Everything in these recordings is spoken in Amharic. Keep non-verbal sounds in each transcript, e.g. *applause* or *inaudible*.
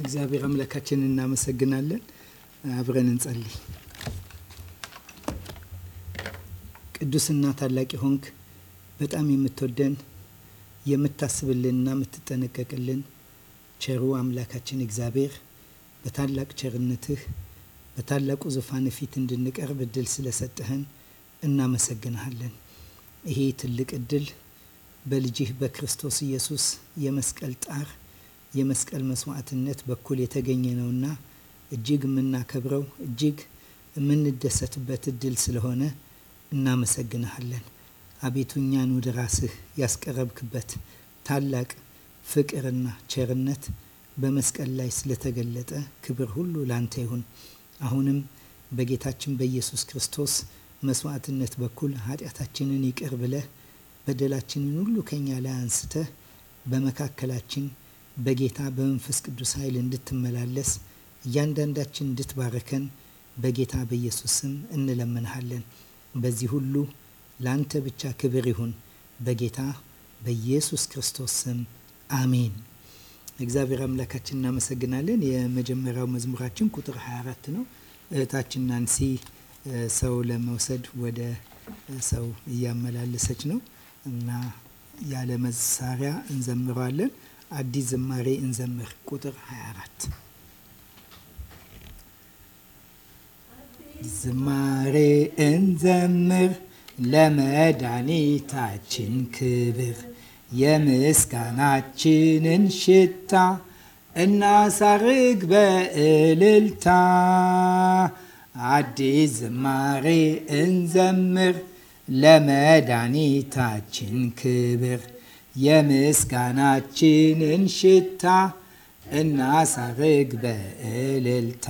እግዚአብሔር አምላካችን እናመሰግናለን። አብረን እንጸልይ። ቅዱስና ታላቅ ሆንክ በጣም የምትወደን የምታስብልንና የምትጠነቀቅልን ቸሩ አምላካችን እግዚአብሔር በታላቅ ቸርነትህ በታላቁ ዙፋን ፊት እንድንቀርብ እድል ስለሰጠህን እናመሰግንሃለን። ይሄ ትልቅ እድል በልጅህ በክርስቶስ ኢየሱስ የመስቀል ጣር የመስቀል መስዋዕትነት በኩል የተገኘ ነውና እጅግ የምናከብረው እጅግ የምንደሰትበት እድል ስለሆነ እናመሰግንሃለን። አቤቱ እኛን ወደ ራስህ ያስቀረብክበት ታላቅ ፍቅርና ቸርነት በመስቀል ላይ ስለተገለጠ ክብር ሁሉ ላንተ ይሁን። አሁንም በጌታችን በኢየሱስ ክርስቶስ መስዋዕትነት በኩል ኃጢአታችንን ይቅር ብለህ በደላችንን ሁሉ ከኛ ላይ አንስተህ በመካከላችን በጌታ በመንፈስ ቅዱስ ኃይል እንድትመላለስ እያንዳንዳችን እንድትባረከን በጌታ በኢየሱስ ስም እንለምንሃለን። በዚህ ሁሉ ለአንተ ብቻ ክብር ይሁን። በጌታ በኢየሱስ ክርስቶስ ስም አሜን። እግዚአብሔር አምላካችን እናመሰግናለን። የመጀመሪያው መዝሙራችን ቁጥር 24 ነው። እህታችን ናንሲ ሰው ለመውሰድ ወደ ሰው እያመላለሰች ነው እና ያለ መሳሪያ እንዘምረዋለን። አዲስ ዝማሬ እንዘምር ቁጥር 24 ዝማሬ እንዘምር ለመድኃኒታችን ክብር የምስጋናችንን ሽታ እናሳርግ በእልልታ። አዲስ ዝማሬ እንዘምር ለመድኃኒታችን ክብር የምስጋናችንን ሽታ እናሳርግ በእልልታ።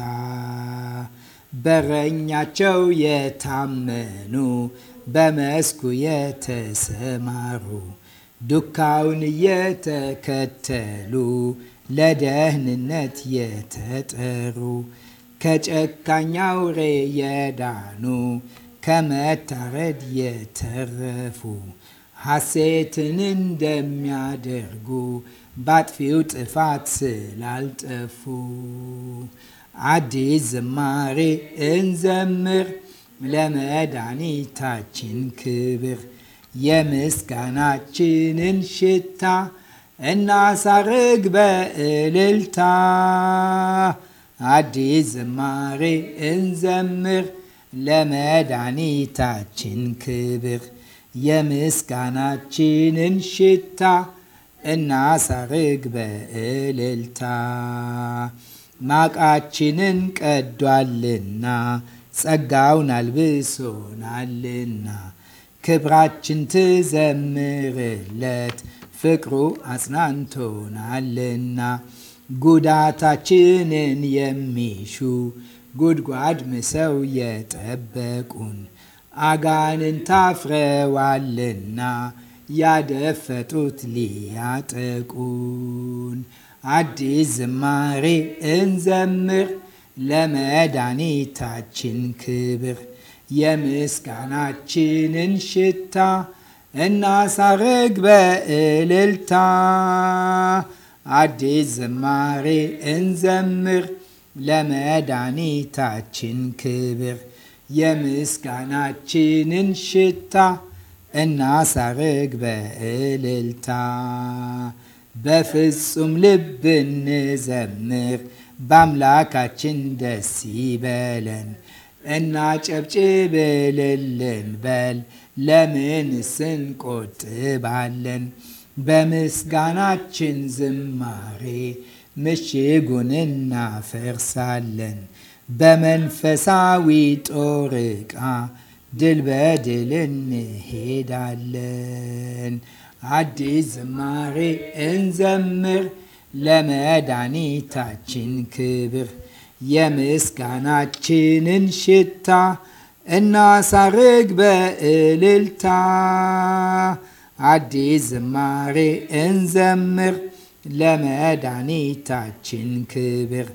በረኛቸው የታመኑ በመስኩ የተሰማሩ ዱካውን እየተከተሉ ለደህንነት የተጠሩ ከጨካኝ አውሬ የዳኑ ከመታረድ የተረፉ ሐሴትን እንደሚያደርጉ ባጥፊው ጥፋት ስላልጠፉ አዲስ ዝማሬ እንዘምር ለመድኃኒታችን ክብር የምስጋናችንን ሽታ እናሳርግ በእልልታ። አዲስ ዝማሬ እንዘምር ለመድኃኒታችን ክብር የምስጋናችንን ሽታ እናሳርግ በእልልታ ማቃችንን ቀዷልና ጸጋውን አልብሶናልና ክብራችን ትዘምርለት ፍቅሩ አጽናንቶናልና ጉዳታችንን የሚሹ ጉድጓድ ምሰው የጠበቁን አጋንንታ አፍረዋልና ያደፈጡት ሊያጠቁን አዲስ ዝማሬ እንዘምር ለመድኃኒታችን ክብር የምስጋናችንን ሽታ እናሳርግ በእልልታ። አዲስ ዝማሬ እንዘምር ለመድኃኒታችን ክብር የምስጋናችንን ሽታ እናሳርግ በእልልታ በፍጹም ልብ እንዘምር በአምላካችን ደስ ይበለን እና ጨብጭብ እልልን በል ለምንስ እንቆጥባለን በምስጋናችን ዝማሬ ምሽጉን እናፈርሳለን። በመንፈሳዊ ጦር ዕቃ ድል በድል እንሄዳለን። አዲስ ዝማሬ እንዘምር ለመድኃኒታችን ክብር የምስጋናችንን ሽታ እናሳርግ በእልልታ። አዲስ ዝማሬ እንዘምር ለመድኃኒታችን ክብር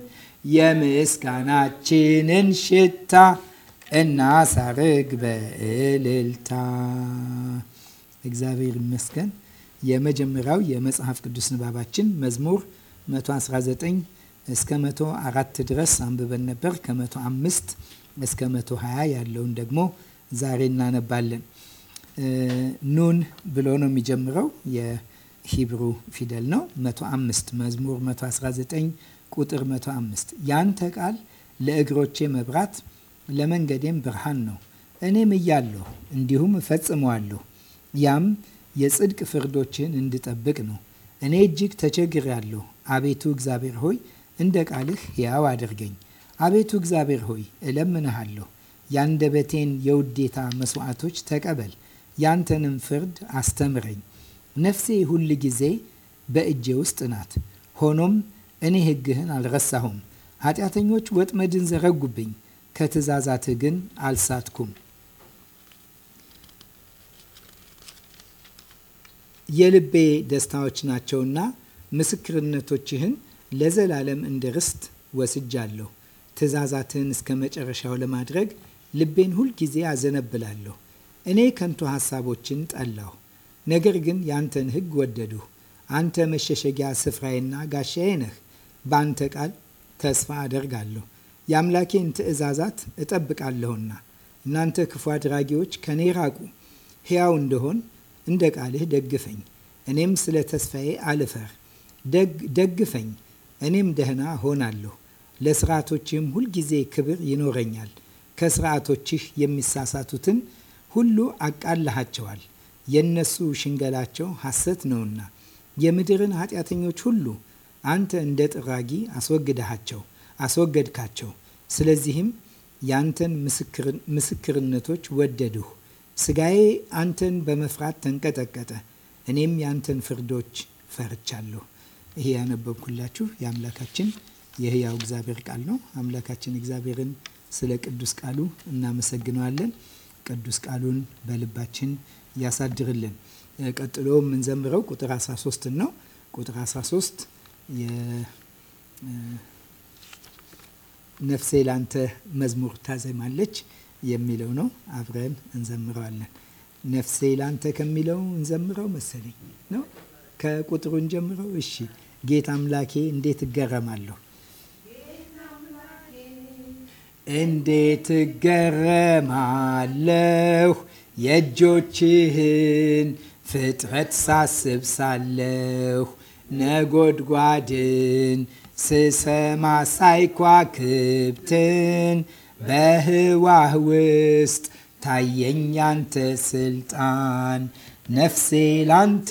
የምስጋናችንን ሽታ እናሳርግ በእልልታ። እግዚአብሔር ይመስገን። የመጀመሪያው የመጽሐፍ ቅዱስ ንባባችን መዝሙር 119 እስከ 104 ድረስ አንብበን ነበር። ከ105 እስከ 120 ያለውን ደግሞ ዛሬ እናነባለን። ኑን ብሎ ነው የሚጀምረው ሂብሩ ፊደል ነው። 105 መዝሙር 119 ቁጥር 105 ያንተ ቃል ለእግሮቼ መብራት ለመንገዴም ብርሃን ነው። እኔም እያለሁ እንዲሁም እፈጽመዋለሁ፣ ያም የጽድቅ ፍርዶችን እንድጠብቅ ነው። እኔ እጅግ ተቸግሬያለሁ። አቤቱ እግዚአብሔር ሆይ እንደ ቃልህ ሕያው አድርገኝ። አቤቱ እግዚአብሔር ሆይ እለምንሃለሁ፣ ያንደበቴን የውዴታ መስዋዕቶች ተቀበል፣ ያንተንም ፍርድ አስተምረኝ። ነፍሴ ሁል ጊዜ በእጄ ውስጥ ናት። ሆኖም እኔ ሕግህን አልረሳሁም። ኃጢአተኞች ወጥመድን ዘረጉብኝ፣ ከትእዛዛትህ ግን አልሳትኩም። የልቤ ደስታዎች ናቸውና ምስክርነቶችህን ለዘላለም እንደ ርስት ወስጃለሁ። ትእዛዛትህን እስከ መጨረሻው ለማድረግ ልቤን ሁልጊዜ አዘነብላለሁ። እኔ ከንቱ ሐሳቦችን ጠላሁ ነገር ግን ያንተን ሕግ ወደዱ አንተ መሸሸጊያ ስፍራዬና ጋሻዬ ነህ። በአንተ ቃል ተስፋ አደርጋለሁ። የአምላኬን ትእዛዛት እጠብቃለሁና እናንተ ክፉ አድራጊዎች ከኔ ራቁ። ሕያው እንደሆን እንደ ቃልህ ደግፈኝ፣ እኔም ስለ ተስፋዬ አልፈር። ደግፈኝ፣ እኔም ደህና ሆናለሁ። ለስርዓቶችህም ሁልጊዜ ክብር ይኖረኛል። ከስርዓቶችህ የሚሳሳቱትን ሁሉ አቃልሃቸዋል። የነሱ ሽንገላቸው ሐሰት ነውና የምድርን ኃጢአተኞች ሁሉ አንተ እንደ ጥራጊ አስወግድሃቸው አስወገድካቸው። ስለዚህም ያንተን ምስክርነቶች ወደድሁ። ስጋዬ አንተን በመፍራት ተንቀጠቀጠ፣ እኔም ያንተን ፍርዶች ፈርቻለሁ። ይሄ ያነበብኩላችሁ የአምላካችን የህያው እግዚአብሔር ቃል ነው። አምላካችን እግዚአብሔርን ስለ ቅዱስ ቃሉ እናመሰግነዋለን። ቅዱስ ቃሉን በልባችን ያሳድርልን። ቀጥሎ የምንዘምረው ቁጥር 13 ነው። ቁጥር 13 ነፍሴ ላንተ መዝሙር ታዜማለች የሚለው ነው። አብረን እንዘምረዋለን። ነፍሴ ላንተ ከሚለው እንዘምረው መሰለኝ ነው። ከቁጥሩን እንጀምረው። እሺ ጌታ አምላኬ እንዴት እገረማለሁ እንዴት እገረማለሁ የእጆችህን ፍጥረት ሳስብ ሳለሁ ነጎድጓድን ስሰማ ክብትን በህዋህ ውስጥ ታየኝ ያንተ ስልጣን ነፍሴ ላንተ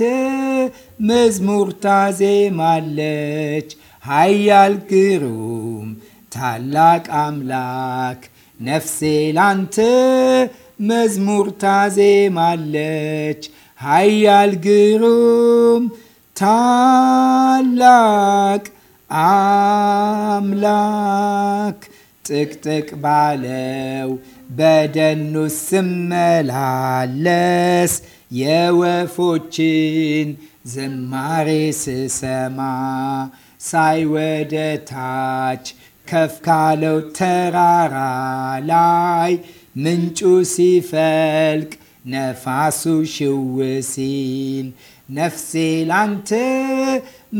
መዝሙር ታዜማለች። ሀያል ግሩም ታላቅ አምላክ ነፍሴ ላንተ መዝሙር ታዜማለች። ኃያል ግሩም ታላቅ አምላክ ጥቅጥቅ ባለው በደኑ ስመላለስ የወፎችን ዝማሬ ስሰማ ሳይ ወደ ታች ከፍ ካለው ተራራ ላይ ምንጩ ሲፈልቅ ነፋሱ ሽው ሲል ነፍሴ ላንተ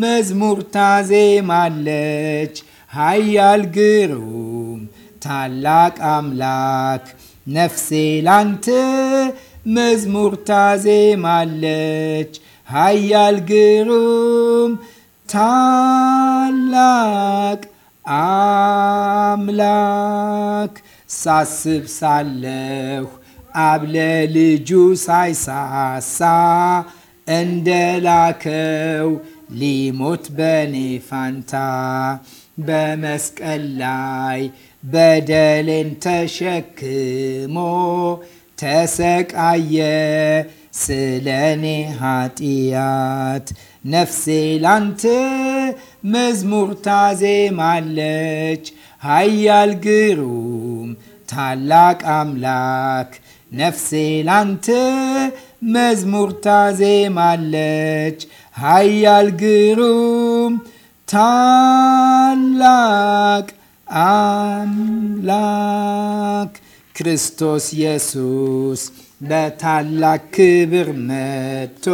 መዝሙር ታዜማለች። ኃያል ግሩም ታላቅ አምላክ ነፍሴ ላንተ መዝሙር ታዜማለች። ኃያል ግሩም ታላቅ አምላክ ሳስብ ሳለሁ አብ ለልጁ ሳይሳሳ እንደላከው ሊሞት በኔ ፋንታ በመስቀል ላይ በደሌን ተሸክሞ ተሰቃየ ስለኔ ኃጢአት ነፍሴ ላንተ መዝሙር ታዜማለች። ኃያል ግሩም ታላቅ አምላክ ነፍሴ ላንተ መዝሙር ታዜማለች። ኃያል ግሩም ታላቅ አምላክ ክርስቶስ ኢየሱስ በታላቅ ክብር መጥቶ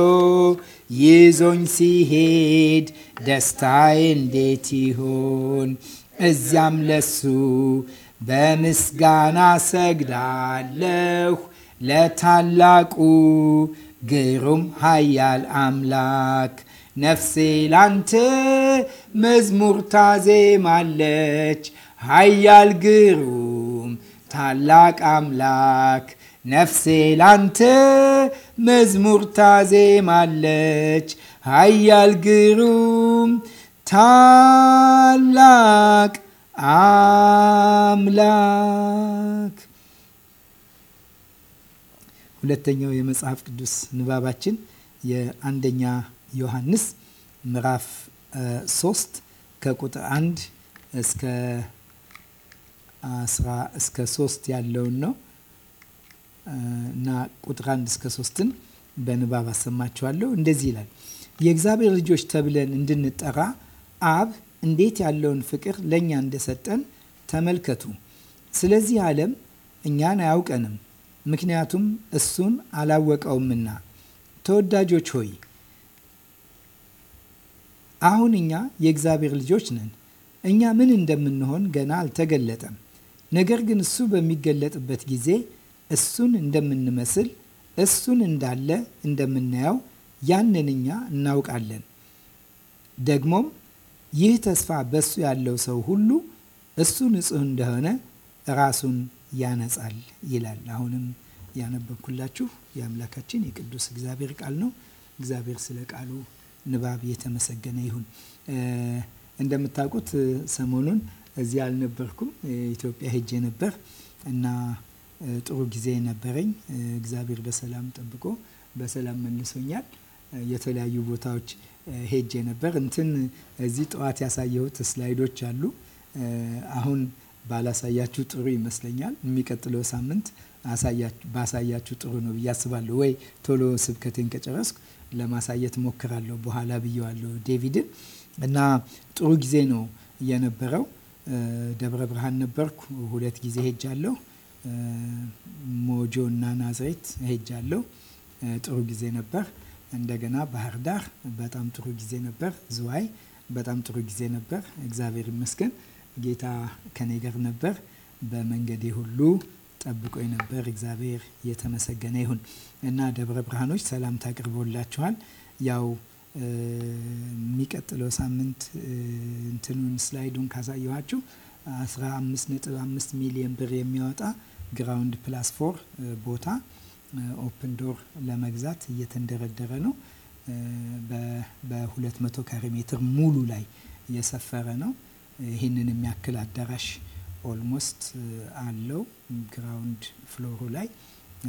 ይዞኝ ሲሄድ ደስታዬ እንዴት ይሆን? እዚያም ለሱ በምስጋና ሰግዳለሁ ለታላቁ ግሩም ኃያል አምላክ ነፍሴ ላንተ መዝሙር ታዜማለች። ኃያል ግሩም ታላቅ አምላክ ነፍሴ ላንተ መዝሙር ታዜማለች። ኃያል ግሩም ታላቅ አምላክ። ሁለተኛው የመጽሐፍ ቅዱስ ንባባችን የአንደኛ ዮሐንስ ምዕራፍ ሶስት ከቁጥር አንድ እስከ አስራ እስከ ሶስት ያለውን ነው እና ቁጥር አንድ እስከ ሶስትን በንባብ አሰማችኋለሁ። እንደዚህ ይላል የእግዚአብሔር ልጆች ተብለን እንድንጠራ አብ እንዴት ያለውን ፍቅር ለእኛ እንደሰጠን ተመልከቱ። ስለዚህ ዓለም እኛን አያውቀንም፣ ምክንያቱም እሱን አላወቀውምና። ተወዳጆች ሆይ አሁን እኛ የእግዚአብሔር ልጆች ነን። እኛ ምን እንደምንሆን ገና አልተገለጠም። ነገር ግን እሱ በሚገለጥበት ጊዜ እሱን እንደምንመስል እሱን እንዳለ እንደምናየው ያንን እኛ እናውቃለን ደግሞም ይህ ተስፋ በሱ ያለው ሰው ሁሉ እሱ ንጹህ እንደሆነ ራሱን ያነጻል ይላል። አሁንም ያነበብኩላችሁ የአምላካችን የቅዱስ እግዚአብሔር ቃል ነው። እግዚአብሔር ስለ ቃሉ ንባብ የተመሰገነ ይሁን። እንደምታውቁት ሰሞኑን እዚህ አልነበርኩም፣ ኢትዮጵያ ሄጄ ነበር እና ጥሩ ጊዜ ነበረኝ። እግዚአብሔር በሰላም ጠብቆ በሰላም መልሶኛል። የተለያዩ ቦታዎች ሄጄ ነበር። እንትን እዚህ ጠዋት ያሳየሁት ስላይዶች አሉ። አሁን ባላሳያችሁ ጥሩ ይመስለኛል። የሚቀጥለው ሳምንት ባሳያችሁ ጥሩ ነው ብዬ አስባለሁ። ወይ ቶሎ ስብከቴን ከጨረስኩ ለማሳየት ሞክራለሁ። በኋላ ብየዋለሁ ዴቪድን እና ጥሩ ጊዜ ነው የነበረው። ደብረ ብርሃን ነበርኩ። ሁለት ጊዜ ሄጃለሁ። ሞጆ እና ናዝሬት ሄጃለሁ። ጥሩ ጊዜ ነበር። እንደገና ባህር ዳር በጣም ጥሩ ጊዜ ነበር። ዝዋይ በጣም ጥሩ ጊዜ ነበር። እግዚአብሔር ይመስገን ጌታ ከኔ ጋር ነበር። በመንገዴ ሁሉ ጠብቆ ነበር። እግዚአብሔር የተመሰገነ ይሁን እና ደብረ ብርሃኖች ሰላምታ ታቅርቦላችኋል። ያው የሚቀጥለው ሳምንት እንትኑን ስላይዱን ካሳየኋችሁ 15.5 ሚሊዮን ብር የሚያወጣ ግራውንድ ፕላስ ፎር ቦታ ኦፕን ዶር ለመግዛት እየተንደረደረ ነው። በ200 ካሬ ሜትር ሙሉ ላይ የሰፈረ ነው። ይህንን የሚያክል አዳራሽ ኦልሞስት አለው ግራውንድ ፍሎሩ ላይ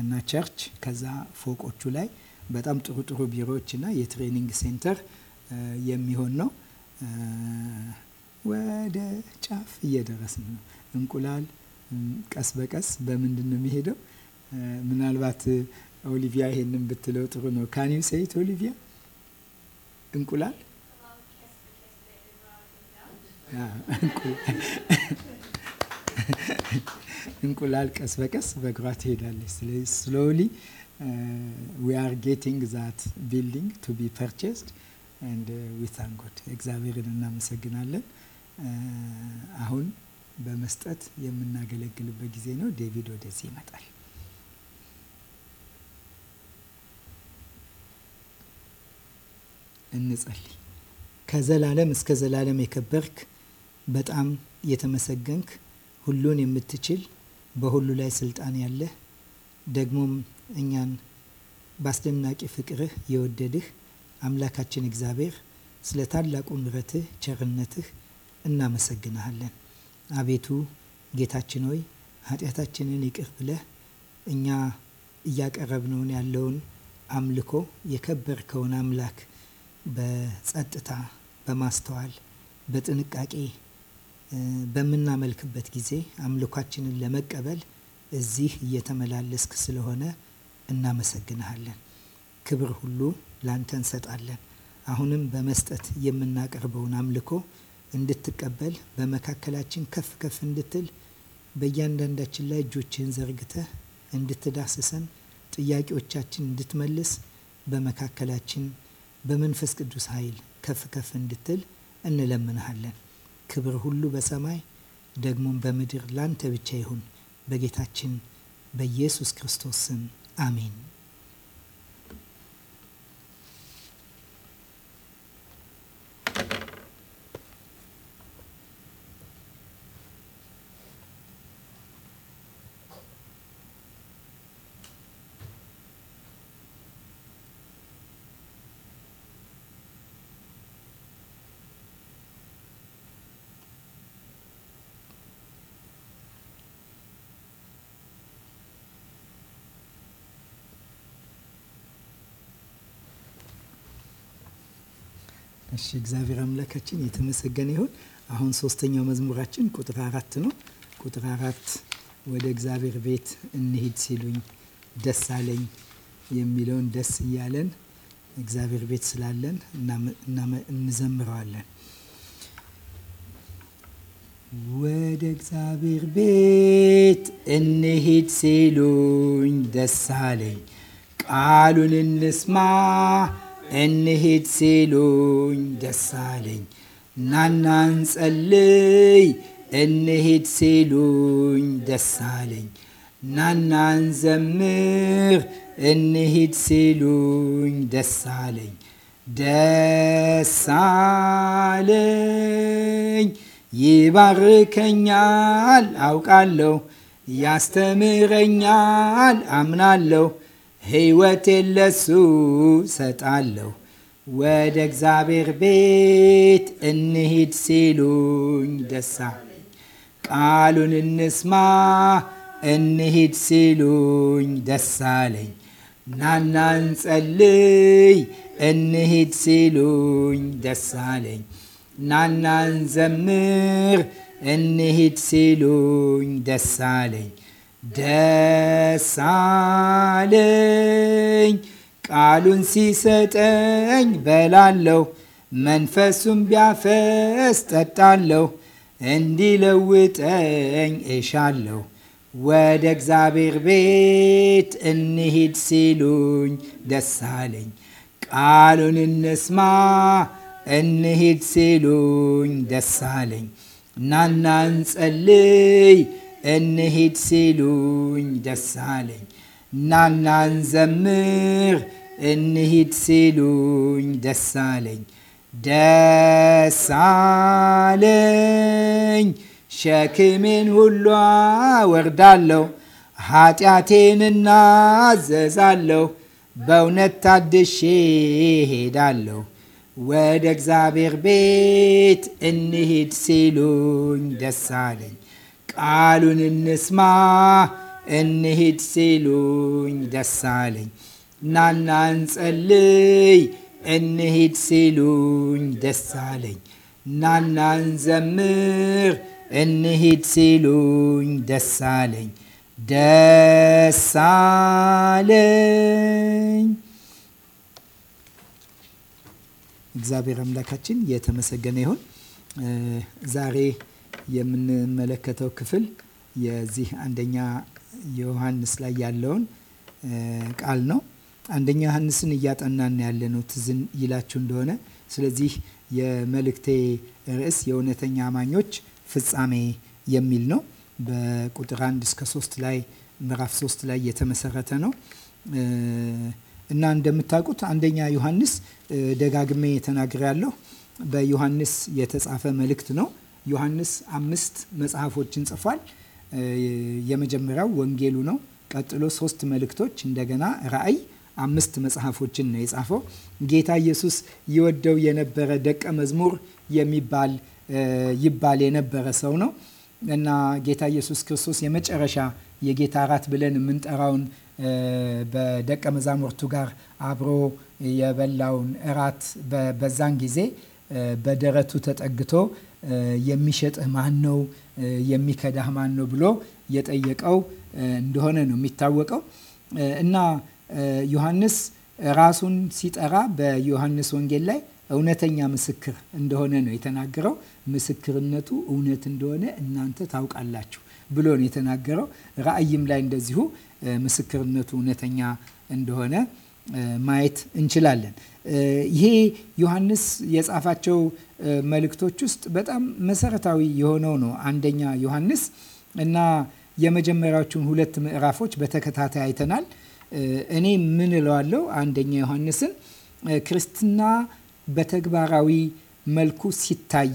እና ቸርች፣ ከዛ ፎቆቹ ላይ በጣም ጥሩ ጥሩ ቢሮዎች እና የትሬኒንግ ሴንተር የሚሆን ነው። ወደ ጫፍ እየደረስን ነው። እንቁላል ቀስ በቀስ በምንድን ነው የሚሄደው? ምናልባት ኦሊቪያ ይሄንን ብትለው ጥሩ ነው። ካኒው ሴት ኦሊቪያ እንቁላል እንቁላል ቀስ በቀስ በእግሯ ትሄዳለች። ስለዚህ ስሎሊ ዊ አር ጌቲንግ ዛት ቢልዲንግ ቱ ቢ ፐርቼዝድ ኤንድ ዊ ታንክ ጎድ እግዚአብሔርን እናመሰግናለን። አሁን በመስጠት የምናገለግልበት ጊዜ ነው። ዴቪድ ወደዚህ ይመጣል። እንጸልይ። ከዘላለም እስከ ዘላለም የከበርክ በጣም የተመሰገንክ ሁሉን የምትችል በሁሉ ላይ ስልጣን ያለህ ደግሞም እኛን በአስደናቂ ፍቅርህ የወደድህ አምላካችን እግዚአብሔር ስለ ታላቁ ምሕረትህ፣ ቸርነትህ እናመሰግናሃለን። አቤቱ ጌታችን ሆይ ኃጢአታችንን ይቅር ብለህ እኛ እያቀረብነውን ያለውን አምልኮ የከበርከውን አምላክ በጸጥታ በማስተዋል በጥንቃቄ በምናመልክበት ጊዜ አምልኳችንን ለመቀበል እዚህ እየተመላለስክ ስለሆነ እናመሰግንሃለን። ክብር ሁሉ ላንተ እንሰጣለን። አሁንም በመስጠት የምናቀርበውን አምልኮ እንድትቀበል በመካከላችን ከፍ ከፍ እንድትል በእያንዳንዳችን ላይ እጆችህን ዘርግተህ እንድትዳስሰን ጥያቄዎቻችን እንድትመልስ በመካከላችን በመንፈስ ቅዱስ ኃይል ከፍ ከፍ እንድትል እንለምንሃለን። ክብር ሁሉ በሰማይ ደግሞም በምድር ላንተ ብቻ ይሁን። በጌታችን በኢየሱስ ክርስቶስ ስም አሜን። እሺ እግዚአብሔር አምላካችን የተመሰገነ ይሁን። አሁን ሶስተኛው መዝሙራችን ቁጥር አራት ነው። ቁጥር አራት ወደ እግዚአብሔር ቤት እንሂድ ሲሉኝ ደስ አለኝ የሚለውን ደስ እያለን እግዚአብሔር ቤት ስላለን እንዘምረዋለን። ወደ እግዚአብሔር ቤት እንሂድ ሲሉኝ ደስ አለኝ ቃሉን እንስማ እንሂድ ሲሉኝ ደሳለኝ ናና እንጸልይ እንሂድ ሲሉኝ ደሳለኝ ናና እንዘምር እንሂድ ሲሉኝ ደሳለኝ ደሳለኝ ይባርከኛል አውቃለሁ ያስተምረኛል አምናለሁ ህይወት ለሱ ሰጣለሁ ወደ እግዚአብሔር ቤት እንሂድ ሲሉኝ ደሳ ቃሉን እንስማ እንሂድ ሲሉኝ ደሳለኝ ናና እንጸልይ እንሂድ ሲሉኝ ደሳለኝ ናና እንዘምር እንሂድ ሲሉኝ ደሳለኝ ደስ አለኝ ቃሉን ሲሰጠኝ በላለሁ፣ መንፈሱም ቢያፈስ ጠጣለሁ፣ እንዲለውጠኝ እሻለሁ። ወደ እግዚአብሔር ቤት እንሂድ ሲሉኝ ደስ አለኝ። ቃሉን እንስማ እንሂድ ሲሉኝ ደስ አለኝ። ናና እንጸልይ እንሂድ ሲሉኝ ደስ አለኝ። ናና እንዘምር እንሂድ ሲሉኝ ደስ አለኝ። ደስ አለኝ ሸክሜን ሁሉ አወርዳለሁ፣ ኃጢአቴን እናዘዛለሁ፣ በእውነት ታድሼ ሄዳለሁ። ወደ እግዚአብሔር ቤት እንሂድ ሲሉኝ ደስ አለኝ። ቃሉን እንስማ እንሂድ ሲሉኝ ደስ አለኝ። ናና እንጸልይ እንሂድ ሲሉኝ ደስ አለኝ። ናና እንዘምር እንሂድ ሲሉኝ ደስ አለኝ። ደስ አለኝ። እግዚአብሔር አምላካችን የተመሰገነ ይሁን ዛሬ የምንመለከተው ክፍል የዚህ አንደኛ ዮሐንስ ላይ ያለውን ቃል ነው። አንደኛ ዮሐንስን እያጠናን ያለ ነው ትዝን ይላችሁ እንደሆነ። ስለዚህ የመልእክቴ ርዕስ የእውነተኛ አማኞች ፍጻሜ የሚል ነው። በቁጥር አንድ እስከ ሶስት ላይ ምዕራፍ ሶስት ላይ የተመሰረተ ነው እና እንደምታውቁት አንደኛ ዮሐንስ ደጋግሜ ያለሁ በዮሐንስ የተጻፈ መልእክት ነው። ዮሐንስ አምስት መጽሐፎችን ጽፏል። የመጀመሪያው ወንጌሉ ነው። ቀጥሎ ሶስት መልእክቶች፣ እንደገና ራእይ አምስት መጽሐፎችን ነው የጻፈው። ጌታ ኢየሱስ ይወደው የነበረ ደቀ መዝሙር የሚባል ይባል የነበረ ሰው ነው እና ጌታ ኢየሱስ ክርስቶስ የመጨረሻ የጌታ እራት ብለን የምንጠራውን በደቀ መዛሙርቱ ጋር አብሮ የበላውን እራት በዛን ጊዜ በደረቱ ተጠግቶ የሚሸጥህ ማን ነው? የሚከዳህ ማን ነው? ብሎ የጠየቀው እንደሆነ ነው የሚታወቀው እና ዮሐንስ ራሱን ሲጠራ በዮሐንስ ወንጌል ላይ እውነተኛ ምስክር እንደሆነ ነው የተናገረው። ምስክርነቱ እውነት እንደሆነ እናንተ ታውቃላችሁ ብሎ ነው የተናገረው። ራእይም ላይ እንደዚሁ ምስክርነቱ እውነተኛ እንደሆነ ማየት እንችላለን። ይሄ ዮሐንስ የጻፋቸው መልእክቶች ውስጥ በጣም መሰረታዊ የሆነው ነው። አንደኛ ዮሐንስ እና የመጀመሪያዎቹን ሁለት ምዕራፎች በተከታታይ አይተናል። እኔ ምን እለዋለሁ? አንደኛ ዮሐንስን ክርስትና በተግባራዊ መልኩ ሲታይ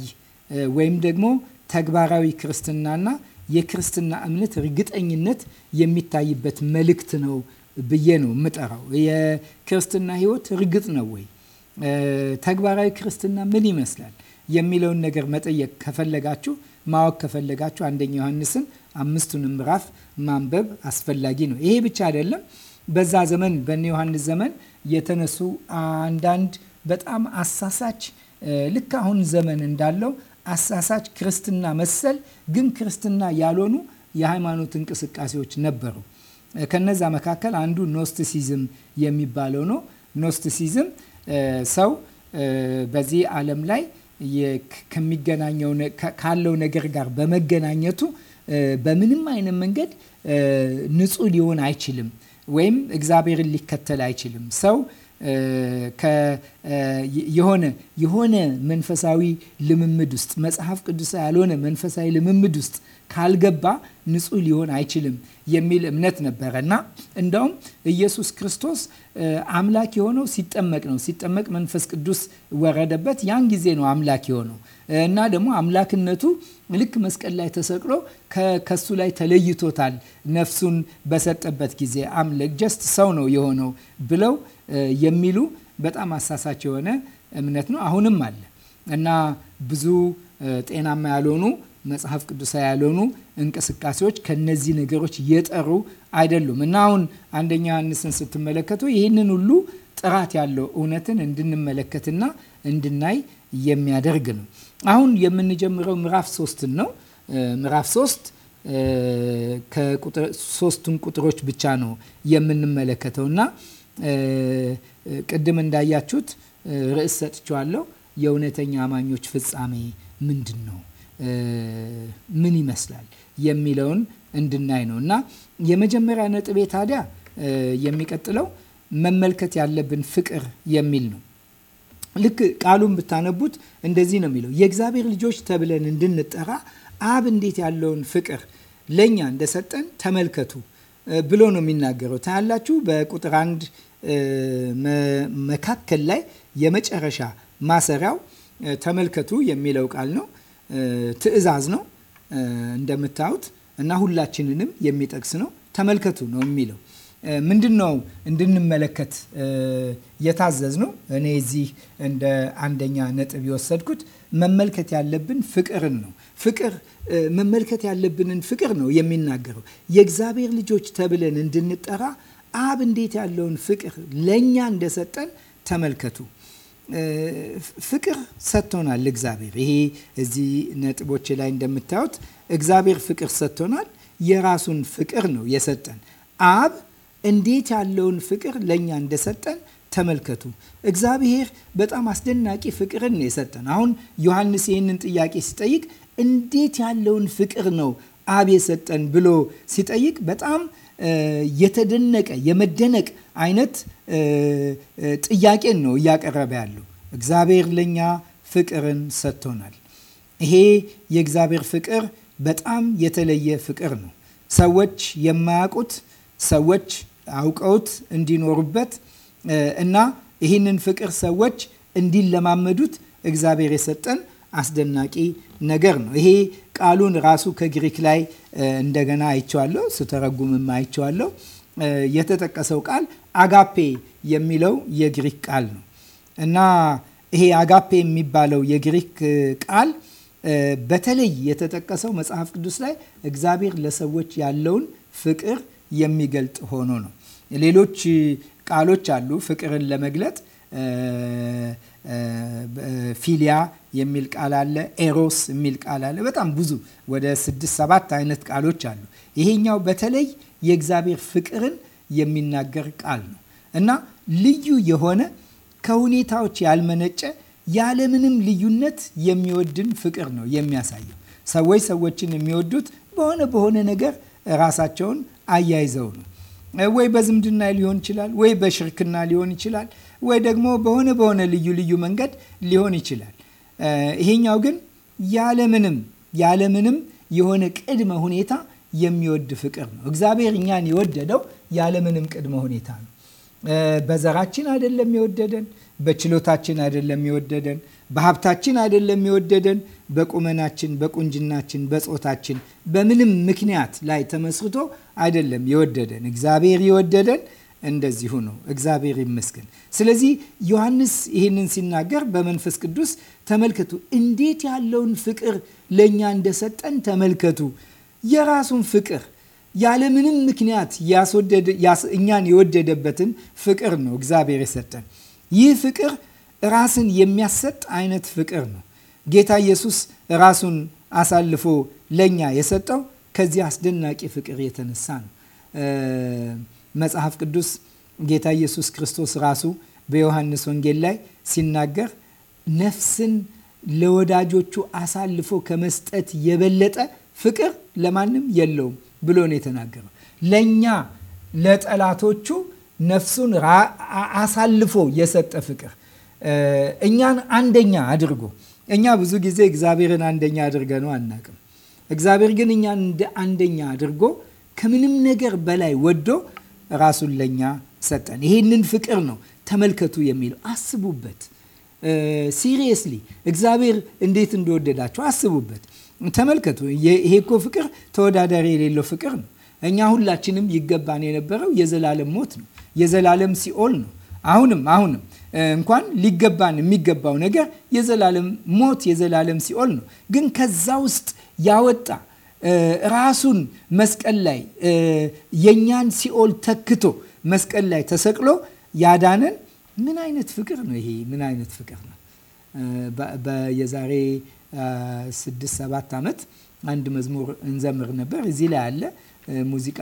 ወይም ደግሞ ተግባራዊ ክርስትናና የክርስትና እምነት እርግጠኝነት የሚታይበት መልእክት ነው ብዬ ነው የምጠራው። የክርስትና ህይወት እርግጥ ነው ወይ? ተግባራዊ ክርስትና ምን ይመስላል የሚለውን ነገር መጠየቅ ከፈለጋችሁ ማወቅ ከፈለጋችሁ አንደኛ ዮሐንስን አምስቱን ምዕራፍ ማንበብ አስፈላጊ ነው። ይሄ ብቻ አይደለም። በዛ ዘመን በእነ ዮሐንስ ዘመን የተነሱ አንዳንድ በጣም አሳሳች ልክ አሁን ዘመን እንዳለው አሳሳች ክርስትና መሰል ግን ክርስትና ያልሆኑ የሃይማኖት እንቅስቃሴዎች ነበሩ። ከነዛ መካከል አንዱ ኖስቲሲዝም የሚባለው ነው። ኖስቲሲዝም ሰው በዚህ ዓለም ላይ ከሚገናኘው ካለው ነገር ጋር በመገናኘቱ በምንም አይነት መንገድ ንጹህ ሊሆን አይችልም ወይም እግዚአብሔርን ሊከተል አይችልም። ሰው የሆነ የሆነ መንፈሳዊ ልምምድ ውስጥ መጽሐፍ ቅዱስ ያልሆነ መንፈሳዊ ልምምድ ውስጥ ካልገባ ንጹህ ሊሆን አይችልም የሚል እምነት ነበረ እና እንደውም ኢየሱስ ክርስቶስ አምላክ የሆነው ሲጠመቅ ነው። ሲጠመቅ መንፈስ ቅዱስ ወረደበት። ያን ጊዜ ነው አምላክ የሆነው እና ደግሞ አምላክነቱ ልክ መስቀል ላይ ተሰቅሎ ከሱ ላይ ተለይቶታል። ነፍሱን በሰጠበት ጊዜ አምለክ ጀስት ሰው ነው የሆነው ብለው የሚሉ በጣም አሳሳች የሆነ እምነት ነው። አሁንም አለ እና ብዙ ጤናማ ያልሆኑ መጽሐፍ ቅዱሳዊ ያልሆኑ እንቅስቃሴዎች ከነዚህ ነገሮች የጠሩ አይደሉም እና አሁን አንደኛ ዮሐንስን ስትመለከቱ ይህንን ሁሉ ጥራት ያለው እውነትን እንድንመለከትና እንድናይ የሚያደርግ ነው። አሁን የምንጀምረው ምዕራፍ ሶስትን ነው። ምዕራፍ ሶስት ከሶስቱን ቁጥሮች ብቻ ነው የምንመለከተው እና ቅድም እንዳያችሁት ርዕስ ሰጥቼዋለሁ። የእውነተኛ አማኞች ፍጻሜ ምንድን ነው? ምን ይመስላል የሚለውን እንድናይ ነው እና የመጀመሪያ ነጥቤ ታዲያ የሚቀጥለው መመልከት ያለብን ፍቅር የሚል ነው። ልክ ቃሉን ብታነቡት እንደዚህ ነው የሚለው የእግዚአብሔር ልጆች ተብለን እንድንጠራ አብ እንዴት ያለውን ፍቅር ለእኛ እንደሰጠን ተመልከቱ ብሎ ነው የሚናገረው። ታያላችሁ በቁጥር አንድ መካከል ላይ የመጨረሻ ማሰሪያው ተመልከቱ የሚለው ቃል ነው። ትዕዛዝ ነው እንደምታዩት እና ሁላችንንም የሚጠቅስ ነው። ተመልከቱ ነው የሚለው ምንድን ነው እንድንመለከት የታዘዝ ነው። እኔ እዚህ እንደ አንደኛ ነጥብ የወሰድኩት መመልከት ያለብን ፍቅርን ነው። ፍቅር መመልከት ያለብንን ፍቅር ነው የሚናገረው። የእግዚአብሔር ልጆች ተብለን እንድንጠራ አብ እንዴት ያለውን ፍቅር ለእኛ እንደሰጠን ተመልከቱ። ፍቅር ሰጥቶናል እግዚአብሔር። ይሄ እዚህ ነጥቦች ላይ እንደምታዩት እግዚአብሔር ፍቅር ሰጥቶናል። የራሱን ፍቅር ነው የሰጠን። አብ እንዴት ያለውን ፍቅር ለእኛ እንደሰጠን ተመልከቱ። እግዚአብሔር በጣም አስደናቂ ፍቅርን ነው የሰጠን። አሁን ዮሐንስ ይህንን ጥያቄ ሲጠይቅ እንዴት ያለውን ፍቅር ነው አብ የሰጠን ብሎ ሲጠይቅ በጣም የተደነቀ የመደነቅ አይነት ጥያቄን ነው እያቀረበ ያለው። እግዚአብሔር ለእኛ ፍቅርን ሰጥቶናል። ይሄ የእግዚአብሔር ፍቅር በጣም የተለየ ፍቅር ነው። ሰዎች የማያውቁት ሰዎች አውቀውት እንዲኖሩበት እና ይህንን ፍቅር ሰዎች እንዲለማመዱት እግዚአብሔር የሰጠን አስደናቂ ነገር ነው። ይሄ ቃሉን ራሱ ከግሪክ ላይ እንደገና አይቸዋለሁ፣ ስተረጉምም አይቸዋለሁ። የተጠቀሰው ቃል አጋፔ የሚለው የግሪክ ቃል ነው እና ይሄ አጋፔ የሚባለው የግሪክ ቃል በተለይ የተጠቀሰው መጽሐፍ ቅዱስ ላይ እግዚአብሔር ለሰዎች ያለውን ፍቅር የሚገልጥ ሆኖ ነው። ሌሎች ቃሎች አሉ ፍቅርን ለመግለጥ ፊሊያ የሚል ቃል አለ። ኤሮስ የሚል ቃል አለ። በጣም ብዙ ወደ ስድስት ሰባት አይነት ቃሎች አሉ። ይሄኛው በተለይ የእግዚአብሔር ፍቅርን የሚናገር ቃል ነው እና ልዩ የሆነ ከሁኔታዎች ያልመነጨ ያለምንም ልዩነት የሚወድን ፍቅር ነው የሚያሳየው። ሰዎች ሰዎችን የሚወዱት በሆነ በሆነ ነገር ራሳቸውን አያይዘው ነው። ወይ በዝምድና ሊሆን ይችላል፣ ወይ በሽርክና ሊሆን ይችላል፣ ወይ ደግሞ በሆነ በሆነ ልዩ ልዩ መንገድ ሊሆን ይችላል። ይሄኛው ግን ያለምንም ያለምንም የሆነ ቅድመ ሁኔታ የሚወድ ፍቅር ነው። እግዚአብሔር እኛን የወደደው ያለምንም ቅድመ ሁኔታ ነው። በዘራችን አይደለም የወደደን፣ በችሎታችን አይደለም የወደደን፣ በሀብታችን አይደለም የወደደን፣ በቁመናችን፣ በቁንጅናችን፣ በጾታችን፣ በምንም ምክንያት ላይ ተመስርቶ አይደለም የወደደን። እግዚአብሔር የወደደን እንደዚሁ ነው። እግዚአብሔር ይመስገን። ስለዚህ ዮሐንስ ይህንን ሲናገር በመንፈስ ቅዱስ ተመልከቱ፣ እንዴት ያለውን ፍቅር ለእኛ እንደሰጠን ተመልከቱ። የራሱን ፍቅር ያለምንም ምክንያት እኛን የወደደበትን ፍቅር ነው እግዚአብሔር የሰጠን። ይህ ፍቅር ራስን የሚያሰጥ አይነት ፍቅር ነው። ጌታ ኢየሱስ ራሱን አሳልፎ ለእኛ የሰጠው ከዚህ አስደናቂ ፍቅር የተነሳ ነው። መጽሐፍ ቅዱስ ጌታ ኢየሱስ ክርስቶስ ራሱ በዮሐንስ ወንጌል ላይ ሲናገር ነፍስን ለወዳጆቹ አሳልፎ ከመስጠት የበለጠ ፍቅር ለማንም የለውም ብሎ ነው የተናገረው። ለእኛ ለጠላቶቹ ነፍሱን አሳልፎ የሰጠ ፍቅር እኛን አንደኛ አድርጎ እኛ ብዙ ጊዜ እግዚአብሔርን አንደኛ አድርገ ነው አናቅም። እግዚአብሔር ግን እኛን አንደኛ አድርጎ ከምንም ነገር በላይ ወዶ ራሱን ለእኛ ሰጠን። ይሄንን ፍቅር ነው ተመልከቱ የሚለው። አስቡበት። ሲሪየስሊ እግዚአብሔር እንዴት እንደወደዳቸው አስቡበት። ተመልከቱ። ይሄ እኮ ፍቅር ተወዳዳሪ የሌለው ፍቅር ነው። እኛ ሁላችንም ይገባን የነበረው የዘላለም ሞት ነው፣ የዘላለም ሲኦል ነው። አሁንም አሁንም እንኳን ሊገባን የሚገባው ነገር የዘላለም ሞት የዘላለም ሲኦል ነው። ግን ከዛ ውስጥ ያወጣ ራሱን መስቀል ላይ የእኛን ሲኦል ተክቶ መስቀል ላይ ተሰቅሎ ያዳነን ምን አይነት ፍቅር ነው ይሄ? ምን አይነት ፍቅር ነው? የዛሬ ስድስት ሰባት ዓመት አንድ መዝሙር እንዘምር ነበር። እዚህ ላይ ያለ ሙዚቃ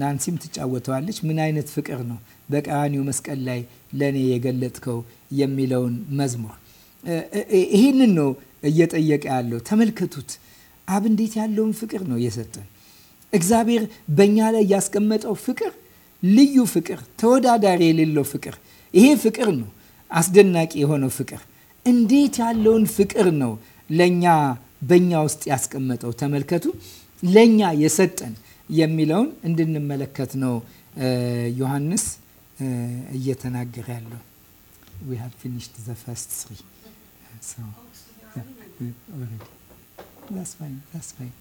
ናንሲም ትጫወተዋለች። ምን አይነት ፍቅር ነው በቀራኒው መስቀል ላይ ለእኔ የገለጥከው የሚለውን መዝሙር ይህንን ነው እየጠየቀ ያለው። ተመልከቱት አብ እንዴት ያለውን ፍቅር ነው የሰጠን። እግዚአብሔር በእኛ ላይ ያስቀመጠው ፍቅር ልዩ ፍቅር፣ ተወዳዳሪ የሌለው ፍቅር፣ ይሄ ፍቅር ነው አስደናቂ የሆነው ፍቅር። እንዴት ያለውን ፍቅር ነው ለእኛ በእኛ ውስጥ ያስቀመጠው፣ ተመልከቱ፣ ለእኛ የሰጠን የሚለውን እንድንመለከት ነው ዮሐንስ እየተናገረ ያለው። ዊ ሃቭ ፊኒሽድ ዘ ፈርስት ስሪ That's fine. That's fine.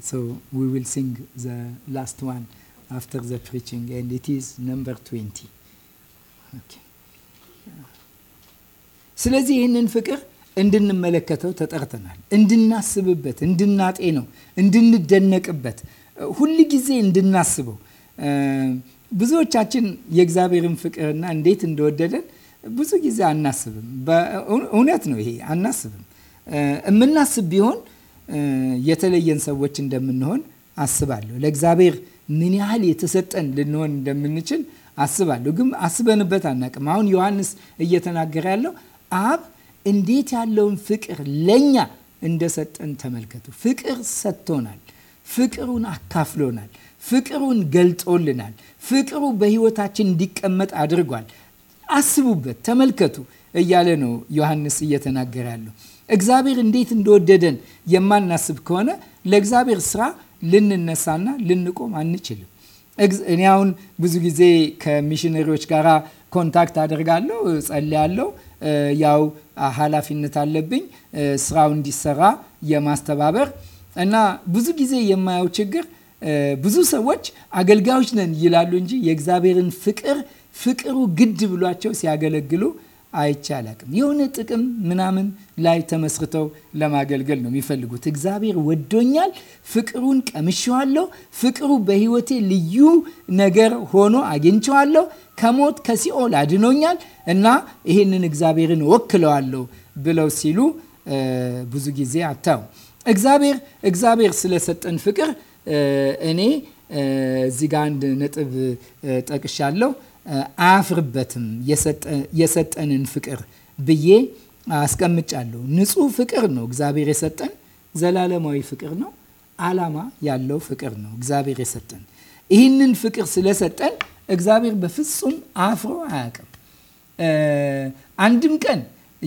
So we will sing the last one after the preaching, and it is number 20. Okay. ስለዚህ ይህንን ፍቅር እንድንመለከተው ተጠርተናል። እንድናስብበት፣ እንድናጤነው፣ እንድንደነቅበት፣ ጊዜ እንድናስበው። ብዙዎቻችን የእግዚአብሔርን ፍቅርና እንዴት እንደወደደን ብዙ ጊዜ አናስብም። እውነት ነው ይሄ አናስብም። እምናስብ ቢሆን የተለየን ሰዎች እንደምንሆን አስባለሁ። ለእግዚአብሔር ምን ያህል የተሰጠን ልንሆን እንደምንችል አስባለሁ። ግን አስበንበት አናቅም። አሁን ዮሐንስ እየተናገረ ያለው አብ እንዴት ያለውን ፍቅር ለእኛ እንደሰጠን ተመልከቱ። ፍቅር ሰጥቶናል። ፍቅሩን አካፍሎናል። ፍቅሩን ገልጦልናል። ፍቅሩ በሕይወታችን እንዲቀመጥ አድርጓል። አስቡበት፣ ተመልከቱ እያለ ነው ዮሐንስ እየተናገረ ያለው። እግዚአብሔር እንዴት እንደወደደን የማናስብ ከሆነ ለእግዚአብሔር ስራ ልንነሳና ልንቆም አንችልም። እኔ አሁን ብዙ ጊዜ ከሚሽነሪዎች ጋር ኮንታክት አደርጋለሁ፣ ጸልያለሁ። ያው ኃላፊነት አለብኝ ስራው እንዲሰራ የማስተባበር እና ብዙ ጊዜ የማየው ችግር ብዙ ሰዎች አገልጋዮች ነን ይላሉ እንጂ የእግዚአብሔርን ፍቅር ፍቅሩ ግድ ብሏቸው ሲያገለግሉ አይቼ የሆነ ጥቅም ምናምን ላይ ተመስርተው ለማገልገል ነው የሚፈልጉት። እግዚአብሔር ወዶኛል፣ ፍቅሩን ቀምሼዋለሁ፣ ፍቅሩ በሕይወቴ ልዩ ነገር ሆኖ አግኝቼዋለሁ፣ ከሞት ከሲኦል አድኖኛል እና ይህንን እግዚአብሔርን ወክለዋለሁ ብለው ሲሉ ብዙ ጊዜ አታው እግዚአብሔር እግዚአብሔር ስለሰጠን ፍቅር እኔ እዚህ ጋ አንድ ነጥብ ጠቅሻለሁ። አያፍርበትም የሰጠንን ፍቅር ብዬ አስቀምጫለሁ። ንጹህ ፍቅር ነው እግዚአብሔር የሰጠን። ዘላለማዊ ፍቅር ነው። ዓላማ ያለው ፍቅር ነው እግዚአብሔር የሰጠን። ይህንን ፍቅር ስለሰጠን እግዚአብሔር በፍጹም አፍሮ አያውቅም። አንድም ቀን